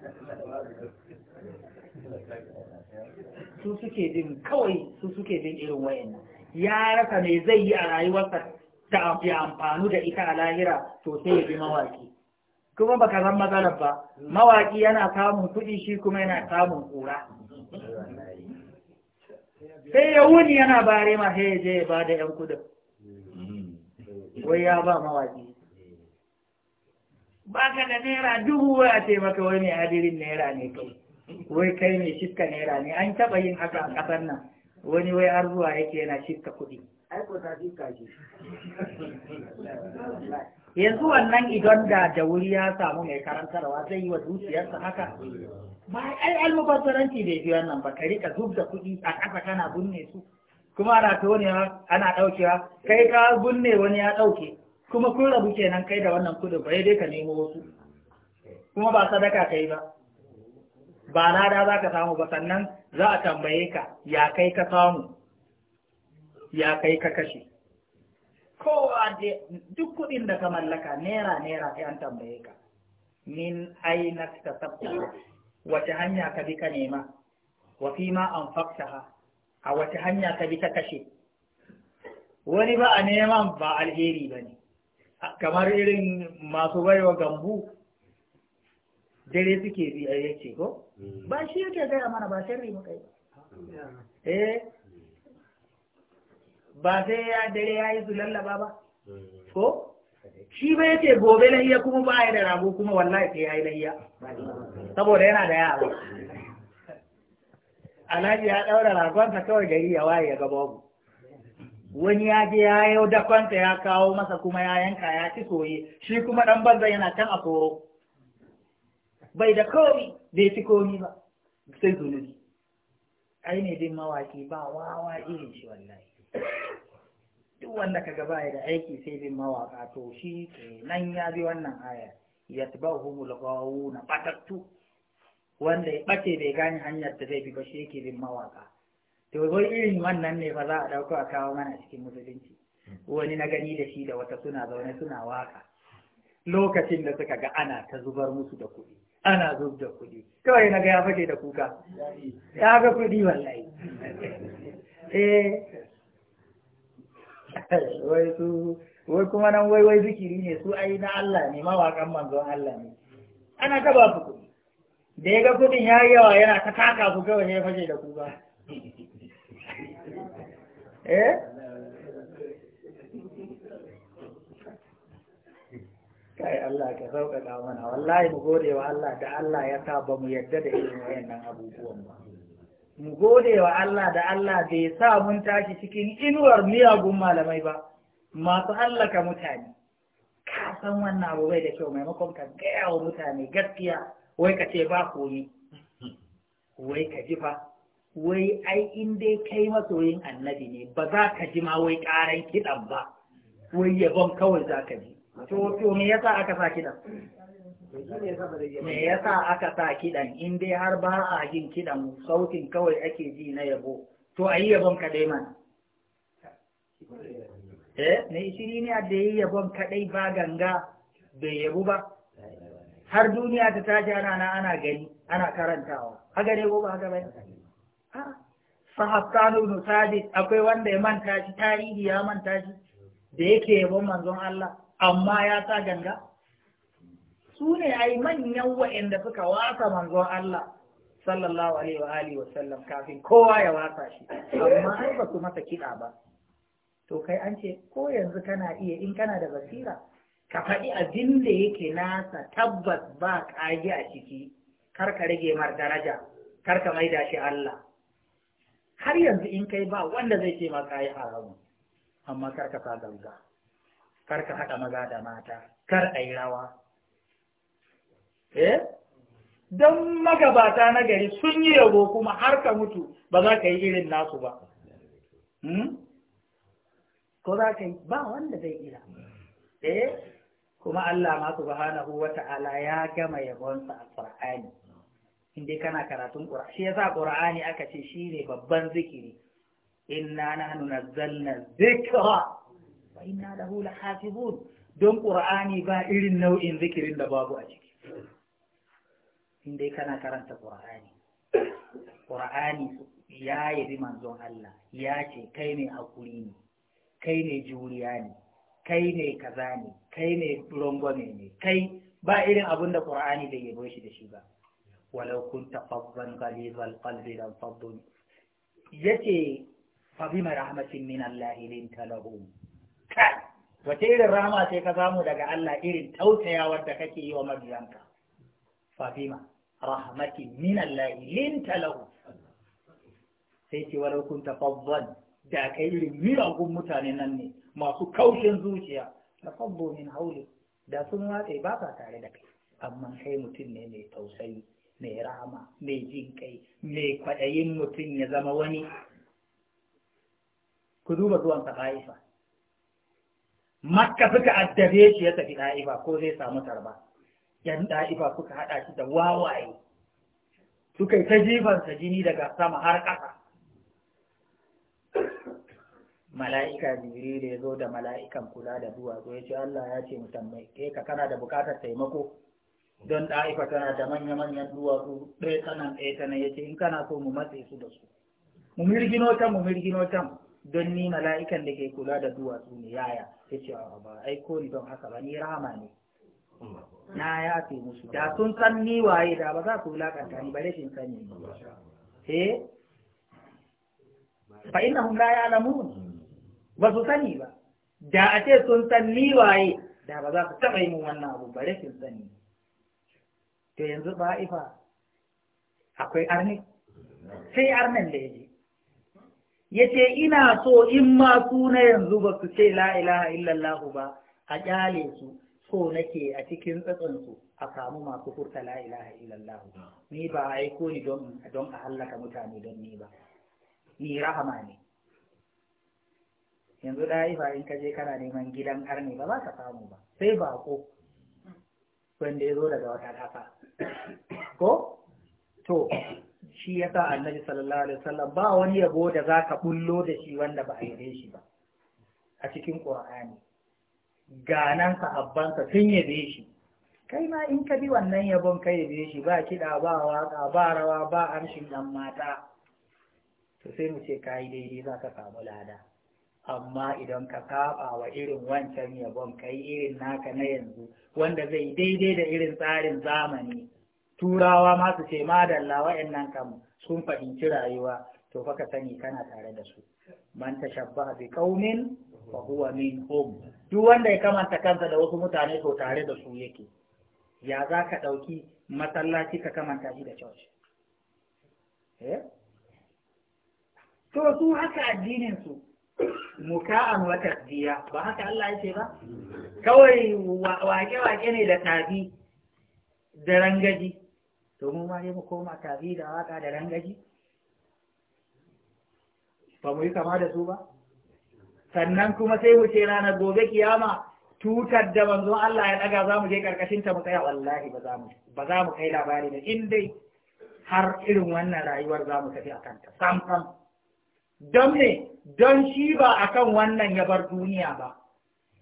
su suke bin kawai su suke bin irin nan. ya rasa me zai yi a rayuwarsa ta amfanu da ita a lahira to sai ya bi mawaki kuma baka san matsalar ba mawaki yana samun kuɗi shi kuma yana samun kura sai ya wuni yana bare ma sai ya je ya bada yan kudin wai ya ba mawaki baka da naira dubu wai a ce maka wai mai hadirin naira ne kai wai kai mai shifka naira ne an taɓa yin haka a ƙasar nan wani wai arzuwa zuwa yake yana shifka kuɗi yanzu wannan idan da da wuri ya samu mai karantarwa zai yi wa dukiyarsa haka ba ai almubazzaranci bai fi wannan ba ka rika zub da kuɗi a ƙasa kana binne su kuma ana tonewa ana ɗaukewa kai ka binne wani ya ɗauke kuma kun rabu kenan kai da wannan kuɗin ba dai ka nemo wasu kuma ba sadaka ka yi ba ba lada za ka samu ba sannan za a tambaye ka ya kai ka samu ya kai ka kashe kowa da duk kuɗin da ka mallaka naira naira sai an tambaye ka min aina ta tsabta wace hanya ka bi ka nema wa fi ma an ha. a wace hanya ka bi ka kashe wani ba a neman ba alheri ba ne kamar irin masu baiwa gambu dare suke bi a ce ko hmm. ba shi yake gaya mana ba sharri mu kai hmm. eh ba sai ya dare ya yi su lallaba ba mm. ko shi ba yake gobe lahiya kuma ba ya da rago kuma wallahi sai ya yi lahiya saboda yana da yawa. alhaji ya ɗaura ragonsa kawai gari ya waye ya gaba mu wani ya je ya yau dakonsa ya kawo masa kuma ya yanka ya ci soye shi kuma ɗan banza yana can a koro bai da komi bai ci komi ba sai zunubi ai ne din mawaki ba wawa irin shi wallahi duk wanda ka gaba da aiki sai bin mawaka to shi nan ya bi wannan aya ya taba humul gawo na batattu wanda ya bace bai gane hanyar da zai bi ba shi yake bin mawaka to wai irin wannan ne fa za a dauko a kawo mana cikin musulunci wani na gani da shi da wata suna zaune suna waka lokacin da suka ga ana ta zubar musu da kuɗi ana zub da kuɗi kawai na ga ya fage da kuka ya ga kuɗi wallahi eh, wai kuma nan wai wai zikiri ne su ai na Allah ne mawaƙan manzon Allah ne ana ta ba su kuɗi da ya ga kuɗin ya yi yawa yana ta taka ku kawai ne fashe da ku ba eh kai Allah ka sauƙaƙa mana wallahi mu gode wa Allah da Allah ya sa ba mu yadda da irin wayannan abubuwan ba mu gode wa Allah da Allah bai sa mun tashi cikin inuwar miyagun malamai ba masu hallaka mutane ka san wannan abu bai da kyau maimakon ka gaya wa mutane gaskiya wai ka ce ba koyi wai ka ji fa wai ai in dai kai masoyin annabi ne ba za ka ji ma wai karan kiɗan ba wai yabon kawai za ka ji to me yasa aka sa kiɗan me yasa aka sa kiɗan in dai har ba a yin kiɗan sautin kawai ake ji na yabo to a yi yabon kaɗai mana eh mai shiri ne da yi yabon kaɗai ba ganga bai yabu ba har duniya ta tashi ana na ana gani ana karantawa Haga ne ko ba haka bai sahabtanu ibn sabit akwai wanda ya manta shi tarihi ya manta shi da yake yabon manzon Allah amma ya sa ganga su ne ai manyan wa'anda suka wasa manzon Allah sallallahu alaihi wa alihi wa kafin kowa ya wasa shi amma an ba su masa kiɗa ba to kai an ce ko yanzu kana iya in kana da basira ka faɗi abin da yake nasa tabbas ba ƙage a ciki kar ka rage mar daraja kar ka maida shi Allah har yanzu in kai ba wanda zai ce maka yi haramu amma kar ka sa kar ka haɗa maza da mata kar a yi rawa eh don magabata na gari sun yi yabo kuma har ka mutu ba za ka yi irin nasu ba hmm? ko za ka yi ba wanda zai ira eh kuma Allah ma subhanahu wa ta'ala ya gama yabonsa a Qur'ani inda kana karatun Qur'ani shi yasa Qur'ani aka ce shi ne babban zikiri inna nahnu nazzalna dhikra wa inna lahu lahafizun don Qur'ani ba irin nau'in zikirin da babu a ciki in dai kana karanta Qur'ani Qur'ani ya yabi manzon Allah ya ce kai ne hakuri ne kai ne juriya ne kai ne kaza ne kai ne rongwame ne kai ba irin abun da Qur'ani bai yabo shi da shi ba walau kunta faddan ghalibal qalbi lam faddu yace fa rahmatin min Allah ilin talahu lahum wace irin rama sai ka samu daga Allah irin tautayawar da kake yi wa mabiyanka Fatima rahmatin min Allah talahu sai ce walau kun tafaddan da kai irin miragun mutane nan ne masu kaushin zuciya na min hauli da sun watsa ba sa tare da kai amma kai mutum ne mai tausayi mai rahama mai jin kai mai kwaɗayin mutum ya zama wani ku duba zuwan ta'ifa makka suka addabe shi ya tafi ta'ifa ko zai samu tarba yan ɗa'ifa suka haɗa shi da wawaye suka yi ta jifansa jini daga sama har ƙasa mala'ika jibril ya zo da mala'ikan kula da duwatsu ya ce Allah ya ce musamman ke ka kana da bukatar taimako don ɗa'ifa tana da manya-manyan duwatsu ɗaya tsanan ɗaya tsanan ya ce in kana so mu matse su da su mu mirgino can mu mirgino can don ni mala'ikan da ke kula da duwatsu ne yaya ya ce a ba aiko ni don haka ba ni rahama ne na ya fi musu da sun san ni waye da ba za su wulakanta ni bare shi sani eh fa innahum la ya'lamun ba su sani ba da a ce sun san ni waye da ba za su taba yi mun wannan abu bare shi sani to yanzu ba ifa akwai arni sai arnan da yaje yace ina so in ma su na yanzu ba su ce la ilaha illallah ba a kyale su ko nake a cikin tsatsansu a samu masu furta la ilaha illallah ah. ni ba a ko ni don a hallaka mutane don ni ba ni rahama ne yanzu ɗa'ifa in ka je kana neman gidan arni ba za ka samu ba sai ba ko wanda ya zo daga wata kafa ko to shi ya sa annabi sallallahu alaihi wasallam ba wani yabo da za ka bullo da shi wanda ba a yi shi ba a cikin ƙur'ani ganan sahabbansa sun yabe shi kai ma in ka bi wannan yabon kai yabe shi ba kiɗa ba waƙa ba rawa ba amshin ɗan mata to sai mu ce kayi daidai za ka samu lada amma idan ka saba wa irin wancan yabon kai irin naka na yanzu wanda zai daidai da irin tsarin zamani turawa ma su ce madalla wa'annan kam sun fahimci rayuwa to fa ka sani kana tare da su man tashabba bi qaumin fa huwa minhum duk wanda ya kamanta kansa da wasu mutane to tare da su yake ya za ka ɗauki masallaci ka kamanta shi da church eh? to su haka addinin su muka'an wa tasdiya ba haka Allah yake ba kawai wake-wake ne da tafi da rangaji to mu ma mu koma tafi da waka da rangaji ba mu yi kama da su ba sannan kuma sai mu ce ranar gobe kiyama tutar da manzo Allah ya daga za mu je karkashin ta mu tsaya wallahi ba za mu ba za mu kai labari da in dai har irin wannan rayuwar za mu tafi akan ta sam sam don ne don shi ba akan wannan ya bar duniya ba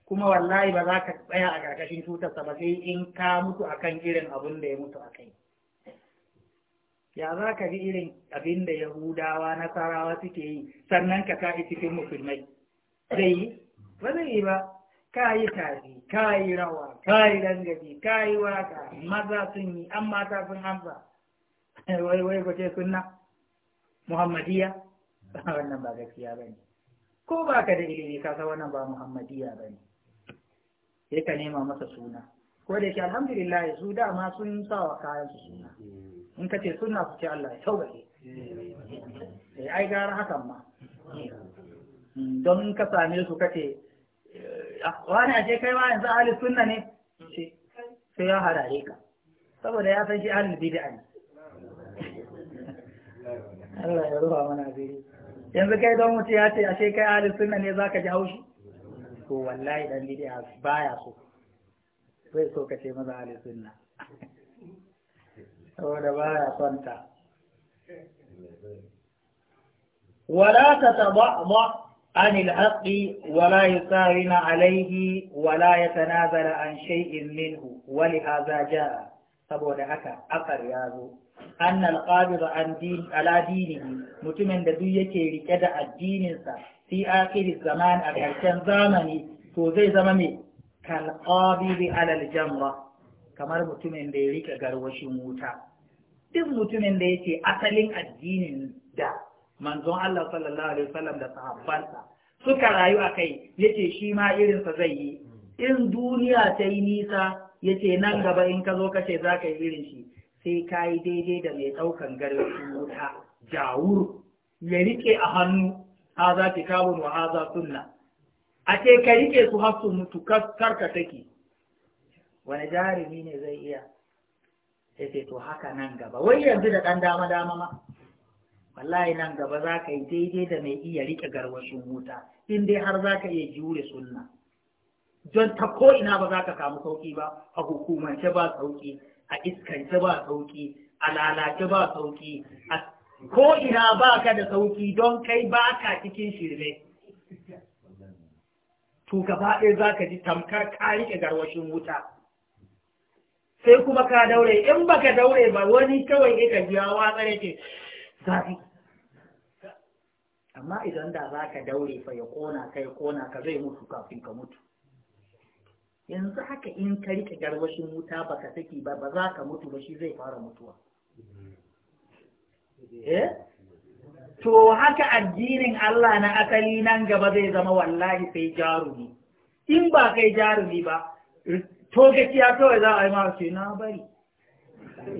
kuma wallahi ba za ka tsaya a karkashin tutarsa ba sai in ka mutu akan irin abin da ya mutu akai ya za ka ji irin abin da yahudawa nasarawa suke yi sannan ka kai cikin musulmai zai yi ba zai yi ba ka yi tafi ka yi rawa ka yi dangaji ka yi waka maza sun yi an mata sun hamsa wai wai ko ce sunna muhammadiya wannan ba gaskiya ba ne ko ba ka da ilimi ka san wannan ba muhammadiya ba ne sai ka nema masa suna ko da yake alhamdulillah su dama sun sa wa kayan su suna in ka ce suna su ce Allah ya sauƙaƙe eh, ai gara hakan ma don ka same su kace eh, ah, wani ashe kai ma yanzu ahli sunna ne sai ya harare ka saboda ya san shi ahli bid'a ne Allah ya ruwa mana biri yanzu kai don mutu ya ce ashe kai ahli sunna ne zaka ji haushi to wallahi dan bid'a baya so zai so kace maza ahli sunna saboda baya son ta wala ta عن الحق alaihi يسارن عليه ولا يتنازل عن شيء منه ولهذا جاء saboda haka akar ya zo an din ala dinihi mutumin da duk yake riƙe da addininsa fi akhir zaman a karshen zamani to zai zama mai kal qadir kamar mutumin da ya rike garwashin wuta duk mutumin da yake asalin addinin da manzon Allah sallallahu alaihi wasallam da sahabbansa suka rayu a kai yace shi ma irinsa zai yi in duniya ta yi nisa yace nan gaba in ka zo ka ce za ka yi irin shi sai ka daidai da mai ɗaukan garin wuta jawur ya rike a hannu haza kawo wa za sunna a ce ka rike su hasu mutu mutu karka take wani jarumi ne zai iya sai to haka nan gaba wai yanzu da ɗan dama dama ma wallahi nan gaba za ka yi daidai da mai iya riƙe garwashin wuta in dai har za ka iya jure sunna don ta ko ina ba za ka samu sauƙi ba a hukumance ba sauƙi a iskance ba sauƙi a lalace ba sauƙi a ko ina ba ka da sauƙi don kai ba ka cikin shirme to gaba ɗaya za ka ji tamkar ka riƙe garwashin wuta sai kuma ka daure in baka daure ba wani kawai ka ji watsa yake zafi amma idan da zaka daure fa ya kona ka ya kona ka zai mutu kafin ka mutu yanzu haka in ka rike garwashin wuta ba ka saki ba ba za ka mutu ba shi zai fara mutuwa eh to haka addinin Allah na asali nan gaba zai zama wallahi sai jarumi in ba kai jarumi ba to gaskiya kawai za a yi ma shi na bari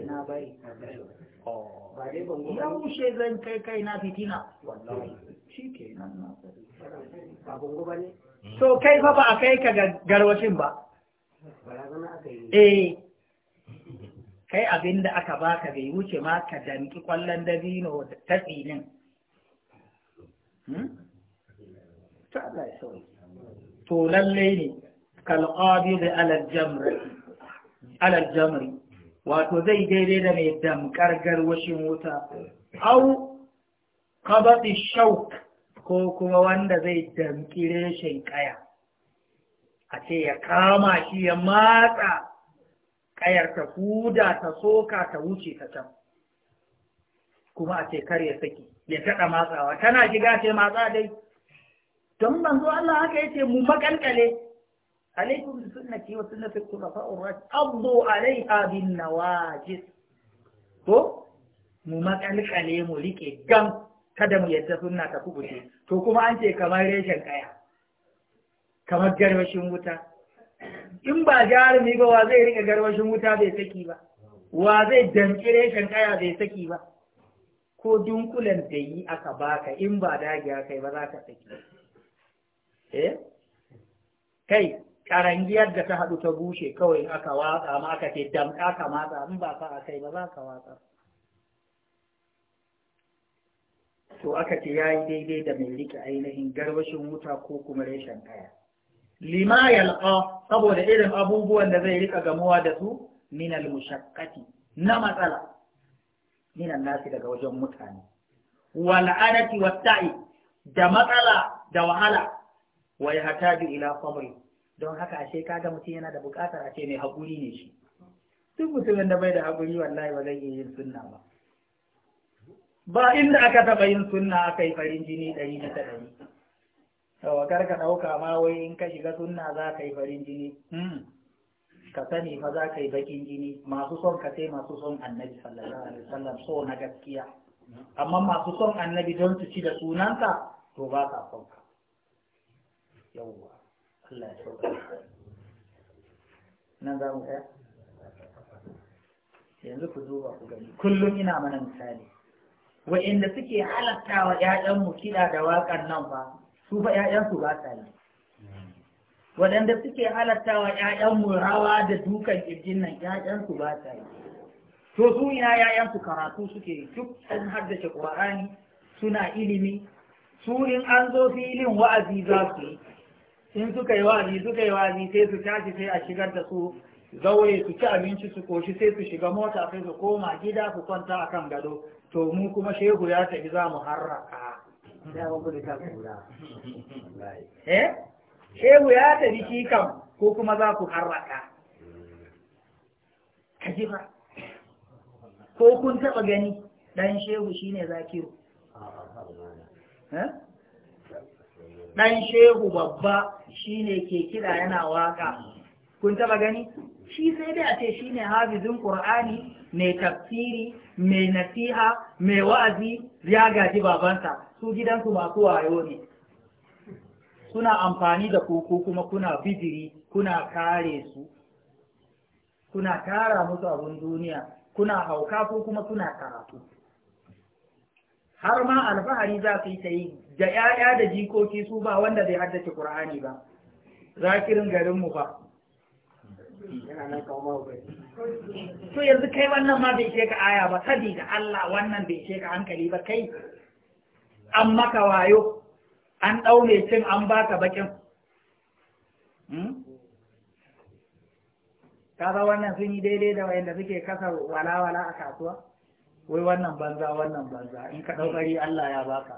na bari oh yaushe zan kai kai na fitina shi ke nan to kai fa ba a kai ka ga garwashin ba eh kai abinda da aka baka bai wuce ma ka danki kwallon dabino ta tsinin hmm? to lallai ne kalqabi da alal jamri wato zai daidai da mai damkar garwashin wuta au kabati shauk ko kuma wanda zai damki reshen kaya a ce ya kama shi ya matsa kayar ta huda ta soka ta wuce ta can kuma a ce kar ya saki ya taɗa matsawa tana shiga ce matsa dai don manzo Allah haka yace mu makalkale عليكم بسنة وسنة الخلفاء الراشد أضوا عليها بالنواجذ تو mu عليك mu rike gam kada mu yadda sunna تو kubuce to kuma an ce kamar reshen kaya kamar garwashin wuta in ba jarumi ba wa zai rika garwashin wuta bai saki ba wa zai reshen kaya bai saki ba ko dunkulen da yi aka baka in ba dagiya kai ba za ka saki eh kai karangiyar da ta haɗu ta bushe kawai aka watsa ma aka ce damƙa ka matsa in ba ka kai ba za ka watsa to aka ce ya yi daidai da mai riƙe ainihin garbashin wuta ko kuma reshen kaya lima yalqa saboda irin abubuwan da zai riƙa gamuwa da su minal mushakkati na matsala minan nasi daga wajen mutane wal'adati watai da matsala da wahala Wai ya hataju ila kwamri don haka ashe kaga mutum yana da buƙatar ashe mai haƙuri ne shi duk mutumin da bai da haƙuri wallahi ba zai iya yin sunna ba ba inda aka taɓa yin sunna aka yi farin jini ɗari na ta ɗari yawa kar ka ɗauka ma wai in ka shiga sunna za ka yi farin jini hmm. ka sani fa za ka yi baƙin jini masu son ka sai masu son annabi sallallahu alaihi wasallam so na gaskiya amma masu son annabi don su ci da sunansa to ba ka son ka yawwa nan za mu yanzu ku duba ku gani kullum ina mana misali wa'inda suke halatta wa ‘ya'yanmu kiɗa da waƙar nan ba su fa ‘ya'yansu ba sa yi waɗanda suke halatta wa ‘ya'yanmu rawa da dukan ƙirjin nan ‘ya'yansu ba sa yi to su ina ‘ya'yansu karatu suke duk sun haddace ƙwarani suna ilimi su in an zo filin wa'azi za su yi in suka yi wa'azi suka yi wa'azi sai su tashi sai a shigar da su zaure su ci abinci su koshi sai su shiga mota sai su koma gida su kwanta a kan gado to mu kuma shehu ya tafi za mu harraka eh? shehu ya tafi shi kam ko kuma za ku harraka ka ji ba ko kun taɓa gani ɗan shehu shi ne zakiru eh? ɗan shehu babba shi ne ke kira yana waka kun taba gani shi sai dai a ce shi ne hafizin ƙur'ani mai tafsiri mai nasiha mai wa'azi ya gaji babansa su gidansu masu wayo ne Kuna amfani da koko kuma kuna bijiri kuna kare su kuna kara musu abin duniya kuna hauka ko kuma kuna karatu har ma alfahari za su yi ta yi da 'ya'ya da jikoki su ba wanda zai haddace Qur'ani ba zakirin garin mu fa to yanzu kai wannan ma bai ka aya ba sabida da Allah wannan bai ka hankali ba kai an maka wayo an ɗaune cin an baka bakin hmm? kaza wannan sun yi daidai da wayanda suke kasa walawala a kasuwa wai wannan banza wannan banza in ka ɗaukari Allah ya baka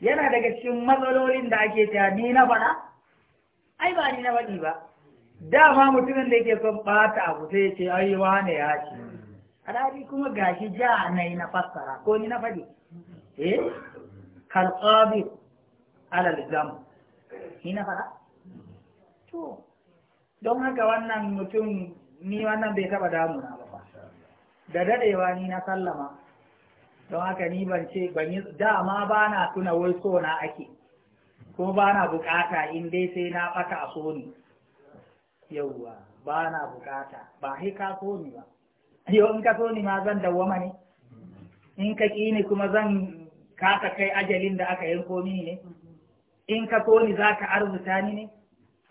yana daga cikin matsalolin da ake ta ni na faɗa ai ba ni na faɗi ba dama mutumin da yake son ɓata abu sai ya ce ai wane ya ce alhali kuma gashi ja na yi na fassara ko ni na faɗi eh kalqabi alal jam ni na faɗa to don haka wannan mutum ni wannan bai taɓa damuna ba da daɗewa ni na sallama don haka ni ban ce ban yi dama ba na tuna wai so na ake ko ba na bukata in dai sai na ɓata a so ni yauwa ba na bukata ba sai ka so ni ba yau in ka so ni ma zan dawwama ne in ka ƙi ni kuma zan kasa kai ajalin da aka yanko mini ne in ka so ni za ka arzuta ni ne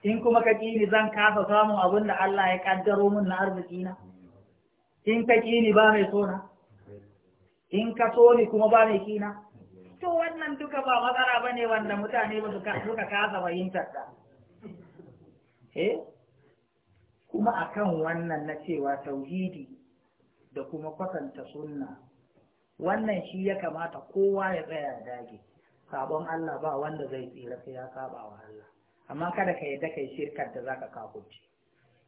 in kuma ka ƙi ni zan kasa samun abin da Allah ya ƙaddaro min na arziki na in ka ƙi ni ba mai so na in ka so ni kuma ba mai kina to wannan duka ba matsala ba ne wanda mutane ba suka kasa fahimtar ta eh kuma akan wannan na cewa tauhidi da kuma kwatanta sunna wannan shi ya kamata kowa ya tsaya ya dage sabon Allah ba wanda zai tsira sai ya saba wa Allah amma kada ka yadda kai shirkar da zaka kafurci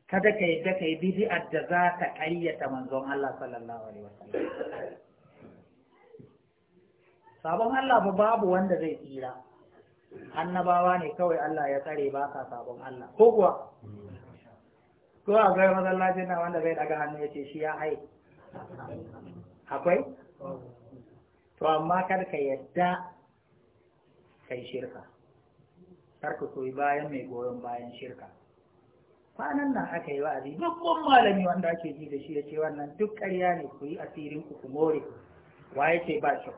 kada ka yadda kai bid'a da za ka ƙayyata manzon Allah sallallahu alaihi wasallam sabon Allah ba babu wanda zai tsira annabawa ne kawai Allah ya tsare ba ka sabon Allah ko kuwa ko a ga masallacin na wanda zai daga hannu ya ce shi ya hai akwai to amma kar ka yadda kai shirka kar ka koyi bayan mai goyon bayan shirka kwanan nan aka yi wa'azi babban malami wanda ake ji da shi ya ce wannan duk karya ne ku yi asirin ku ku more ce ba shi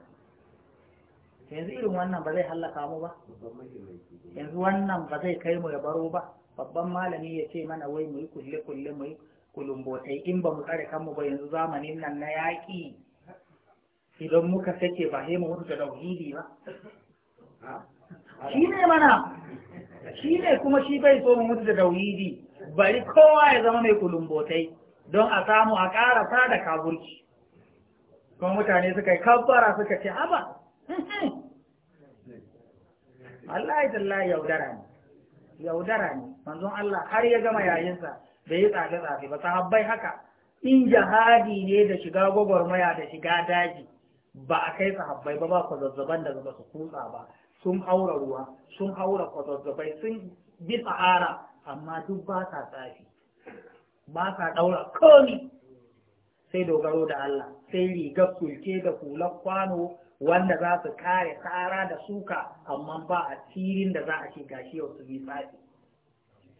yanzu irin wannan ba zai hallaka mu ba yanzu wannan ba zai kai mu ya baro ba babban malami ya ce mana wai mu yi kulle kulle mu yi kulumbotai in ba mu tsare kanmu ba yanzu zamanin nan na yaƙi idan muka sake ba sai mu mutu da tauhidi ba shi ne mana shi ne kuma shi bai so mu mutu da tauhidi bari kowa ya zama mai kulumbotai don a samu a ƙara da kaburki kuma mutane suka yi kabbara suka ce haba Allah ya yaudara ne yaudara ne manzon Allah har ya gama yayinsa da ya tsafe tsafe ba sahabbai haka in jihadi ne da shiga gwagwarmaya da shiga daji ba a kai sahabbai ba ba kwazazzaban da ba su kutsa ba sun haura ruwa sun haura kwazazzabai sun bi tsahara amma duk ba sa tsafi ba sa ɗaura komi sai dogaro da Allah sai rigar sulke da hular kwano wanda za su kare tsara da suka amma ba a filin da za a ce gashi yau su bi tsafi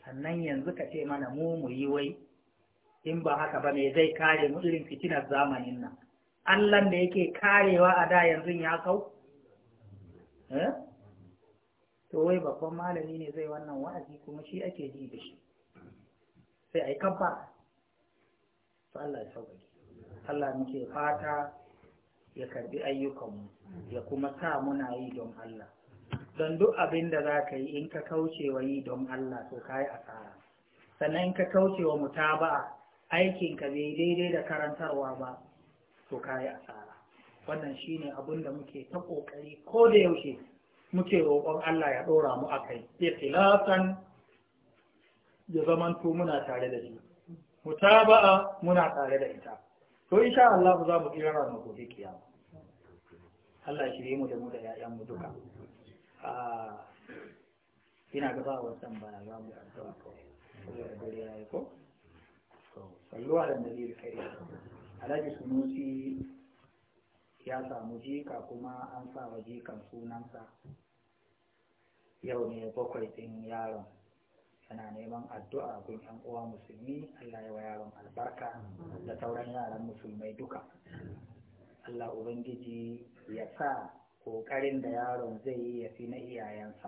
sannan yanzu ka ce mana mu mu yi wai in ba haka ba me zai kare mu irin fitinar zamanin nan Allah da yake karewa a da yanzu ya kau eh? to wai babban malami ne zai wannan wa'azi kuma shi ake ji da shi sai ai kabba Allah ya Allah muke fata ya karbi ayyukanmu ya kuma sa muna yi don Allah don duk abin da za ka yi in ka kauce wa yi don Allah to ka yi asara sannan in ka kauce wa mutaba'a aikin ka bai daidai da karantarwa ba to ka yi asara wannan shine abin da muke ta kokari ko da yaushe muke roƙon Allah ya ɗora mu akai ikhlasan ya zamanto muna tare da shi mutaba'a muna tare da ita to insha Allah za mu kira ranar gobe kiyama Allah shirye mu da mu da ƴaƴan mu duka ah, ina ga ba wasan ba za mu addu'a kawai saboda dare ya yi ko sallu ala nabi kai alhaji sunusi ya samu jika kuma an sa wa jikan sunansa yau ne bakwai din yaron tana neman addu'a gun yan uwa musulmi Allah ya wa yaron albarka da sauran yaran musulmai duka Allah ubangiji ya sa ƙoƙarin da yaron zai yi ya fi na iyayensa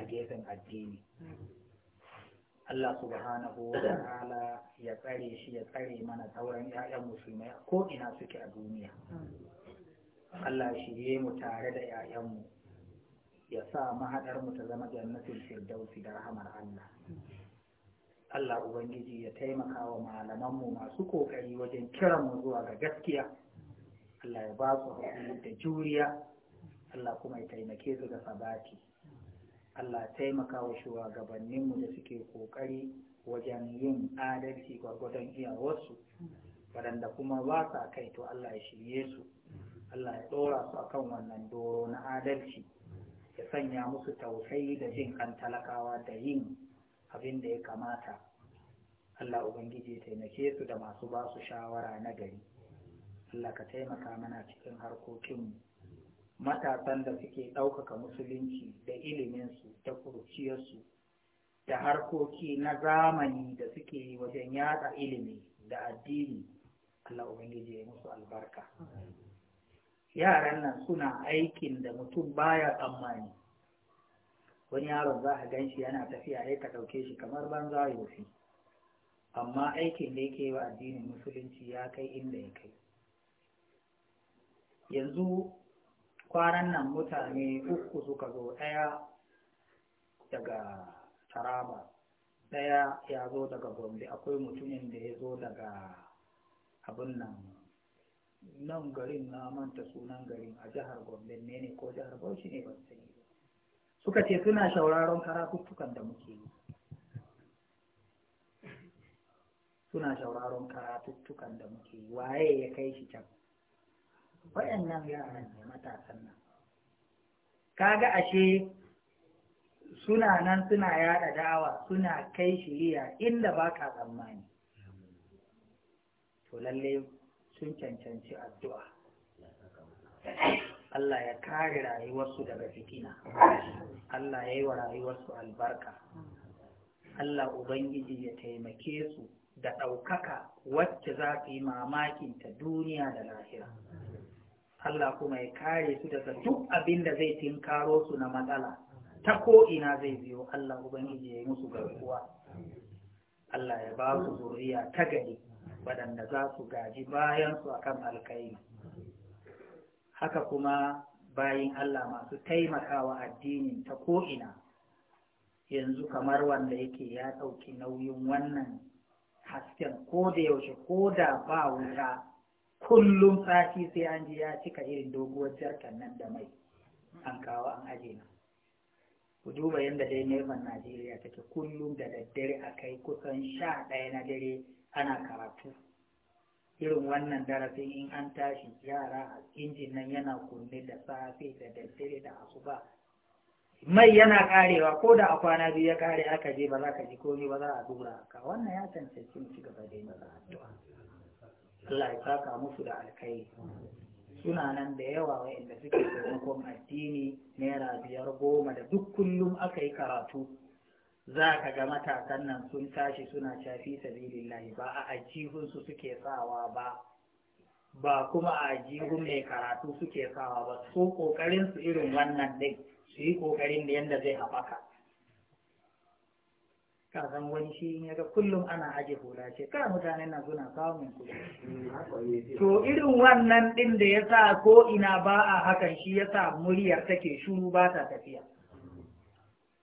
a gefen addini Allah subhanahu wa ta'ala ya tsare shi ya tsare mana sauran 'ya'yan musulmai ko ina suke a duniya Allah shirye mu tare da 'ya'yanmu ya sa mahaɗar mu ta zama jannatin firdausi da rahamar Allah Allah ubangiji ya taimaka wa malaman mu masu kokari wajen kiran mu zuwa ga gaskiya Allah ya ba su haƙuri da juriya Allah kuma ya taimake su ga sabati Allah taimaka wa shugabannin mu da suke kokari wajen yin adalci gwargwadon iyawarsu waɗanda kuma ba sa kai to Allah ya shirye su Allah ya ɗora su akan wannan doro na adalci ya sanya musu tausayi da jin kan talakawa da yin abin da ya kamata Allah Ubangiji taimake su da masu ba su shawara na gari Allah ka taimaka mana cikin harkokinmu matasan da suke ɗaukaka musulunci da iliminsu da kurciyarsu da harkoki na zamani da suke wajen yada ilimi da addini Allah Ubangiji ya musu albarka. yaran nan suna aikin da mutum baya tsammani wani yaron za a gan shi yana tafiya ya ka ɗauke shi kamar banza fi. amma aikin da yake wa addinin musulunci ya kai inda ya kai yanzu kwanan nan mutane uku suka zo ɗaya daga taraba ɗaya ya zo daga gombe akwai mutumin da ya zo daga abin nan nan garin na manta sunan garin a jihar gombe ne ne ko jihar bauchi ne ban sani ba suka ce suna shauraron karatuttukan da muke yi suna shauraron karatuttukan da muke yi waye ya kai shi can waɗannan yaran ne matasan nan kaga ashe suna nan suna yada dawa suna kai shiriya inda ba ka tsammani to lallai sun cancanci addu'a Allah ya kare rayuwarsu daga fitina Allah ya yi wa rayuwarsu albarka Allah Ubangiji ya taimake su da ɗaukaka wacce za su yi mamakin ta duniya da lahira Allah kuma ya kare su daga duk abin da zai tinkaro su na matsala ta ko'ina zai biyo Allah Ubangiji ya yi musu garkuwa Allah ya ba su zuriya ta gari waɗanda za su gaji bayansu a kan alkairi haka kuma bayin Allah masu taimakawa addinin ta ko'ina yanzu kamar wanda yake ya ɗauki nauyin wannan hasken ko da yaushe ko da ba wuta kullum sati sai an ji ya cika irin doguwar jarkan nan da mai an kawo an aje na ku duba yadda dai neman najeriya take kullum da daddare a kai kusan sha ɗaya na dare ana karatu irin wannan darasin in an tashi yara a injin nan yana kunne da safe da daddare da asuba mai yana karewa ko da a kwana biyu ya kare aka je ba za ka ji komai ba za a dora, ka wannan ya tantance mu ci gaba da yin addu'a Allah ya saka musu da alkai suna nan da yawa wa'anda suke taimakon addini naira biyar goma da duk kullum aka yi karatu za ka ga matasan nan sun tashi suna shafi lahi ba a ajihunsu suke sawa ba ba kuma a ajihun mai karatu suke sawa ba su kokarin su irin wannan din su yi kokarin da yadda zai haɓaka ka san wani shi ya ga kullum ana aje hula ce ka mutanen nan suna samun kuɗi to irin wannan din da ya sa ko ina ba a hakan shi ya sa muryar take shuru ba ta tafiya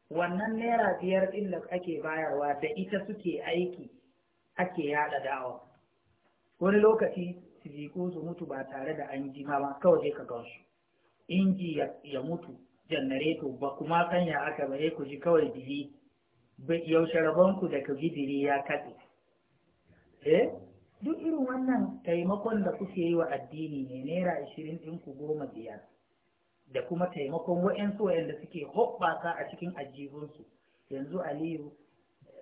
wannan naira biyar ɗin da ake bayarwa da ita suke aiki ake yaɗa dawa wani lokaci su jiku su mutu ba tare da an ji ba kawai dai ka gansu inji ya mutu janareto ba kuma sanya aka bare ku ji kawai diri yaushe rabonku da ka ji ya katse eh duk irin wannan taimakon da kuke yi wa addini ne naira ashirin ɗinku goma biyar da kuma taimakon wa'yansu wa'yanda suke hoɓɓasa a cikin ajihunsu yanzu aliyu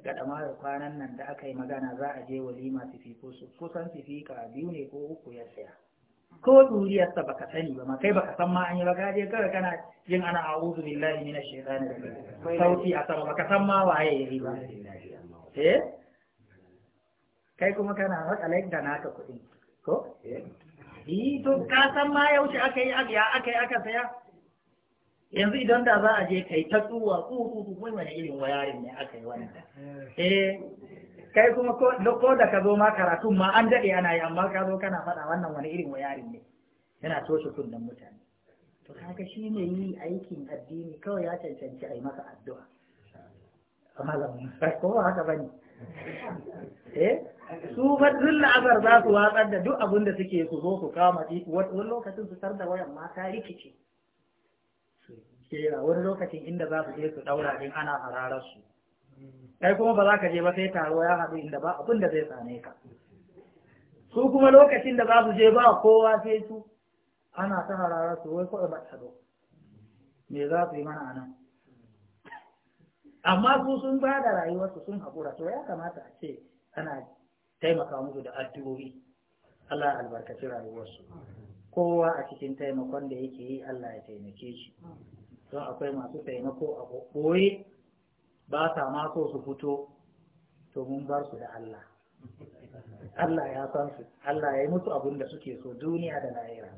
ga ɗamarar kwanan nan da aka yi magana za a je walima fifiko su kusan fifika biyu ne ko uku ya saya ko duriyarsa ka sani ba ma kai ka san ma an yi ba gaje kawai kana jin ana a'udhu billahi minash shaitani rajim sauti a sama ba ka san ma waye ya yi ba eh kai kuma kana matsalai da naka kuɗi ko eh. Yi to ka san ma yaushe aka yi aka aka saya. Yanzu idan da za a je kai ta tsuwa tsuhu kuma wani irin wayarin ne aka yi wannan. Eh kai kuma ko da ka zo ma karatun ma an daɗe ana yi amma ka zo kana faɗa wannan wani irin wayarin ne. Yana toshe kunnen mutane. To kaga shi ne yi aikin addini kawai ya cancanci a yi masa addu'a. Malam, ko haka bane. Eh? su fa duk za su watsar da duk abin da suke su zo su kama wani lokacin su sarda wayan mata rikici kera wani lokacin inda za su je su daura din ana hararar su kai kuma ba za ka je ba sai taro ya haɗu inda ba abin da zai same ka su kuma lokacin da za su je ba kowa sai su ana ta hararar su wai kawai ba me za su yi mana anan amma su sun ba da rayuwarsu sun haƙura to ya kamata a ce ana taimaka musu da addu'o'i Allah albarkaci rayuwarsu kowa a cikin taimakon da yake yi Allah ya taimake shi don akwai masu taimako a ɓoye ba sa ma so su fito to mun bar su da Allah Allah ya san su Allah ya yi musu abin da suke so duniya da lahira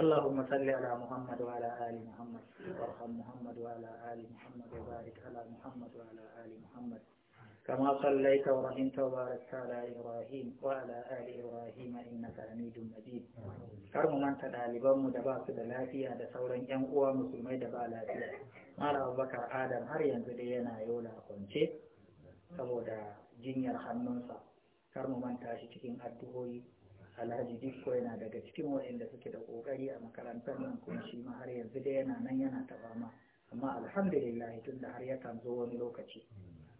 اللهم صل على محمد وعلى آل محمد وارحم محمد وعلى آل محمد وبارك على محمد وعلى آل محمد كما صليت ورحمت وباركت على إبراهيم وعلى آل إبراهيم إنك حميد مجيد كرم من تدالي مدبا سد دلافيا دا سورا ƴan uwa musulmai da ba lafiya mala abubakar adam har yanzu dai yana yola kwance saboda jinyar hannunsa kar mu manta cikin addu'o'i alhaji dikko yana daga cikin waɗanda suke da ƙoƙari a makarantar nan kuma shi ma har yanzu da yana nan yana taɓa ma amma alhamdulillah tun da har yakan zo wani lokaci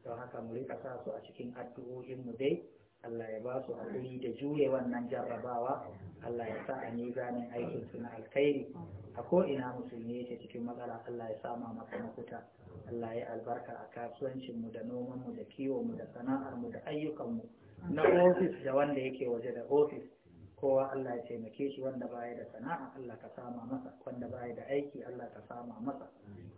don haka mu rika sa su a cikin addu'o'in mu dai Allah ya ba su haƙuri da jure wannan jarrabawa Allah ya sa a ni mizanin aikin su na alkhairi a ko ina musulmi yake cikin matsala Allah ya ma maka mafuta Allah ya albarka a kasuwancin mu da noman mu da kiwon mu da sana'ar mu da ayyukan mu na ofis da wanda yake waje da ofis kowa Allah ya taimake shi wanda baya da sana'a Allah ka sama masa wanda baya da aiki Allah ka sama masa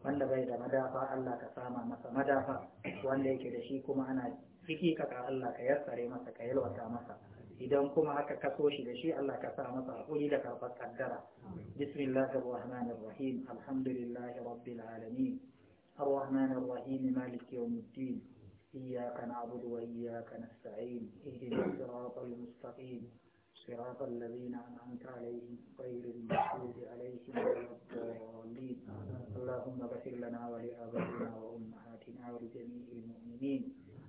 wanda bai da madafa Allah ka sama masa madafa wanda yake da shi kuma ana ciki kaka Allah ka yassare masa ka yalwata masa idan kuma aka kaso shi da shi Allah ka sa masa hakuri da karfar kaddara bismillahir rahmanir rahim alhamdulillahi rabbil alamin arrahmanir rahim maliki yawmiddin iyyaka na'budu wa iyyaka nasta'in ihdinas siratal صراط الذين أنعمت عليهم غير المغضوب عليهم ولا الضالين اللهم اغفر لنا ولآبائنا وأمهاتنا ولجميع المؤمنين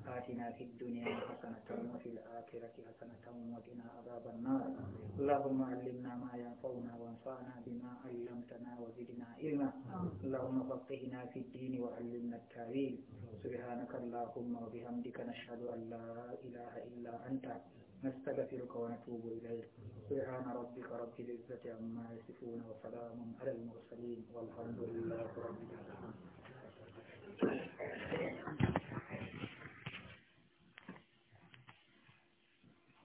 آتنا في الدنيا حسنة وفي الآخرة حسنة وقنا عذاب النار اللهم علمنا ما ينفعنا وانفعنا بما علمتنا وزدنا علما اللهم فقهنا في الدين وعلمنا التعليم سبحانك اللهم وبحمدك نشهد أن لا إله إلا أنت نستغفرك ونتوب إليك سبحان ربك رب العزة عما يصفون وسلام على المرسلين والحمد لله رب العالمين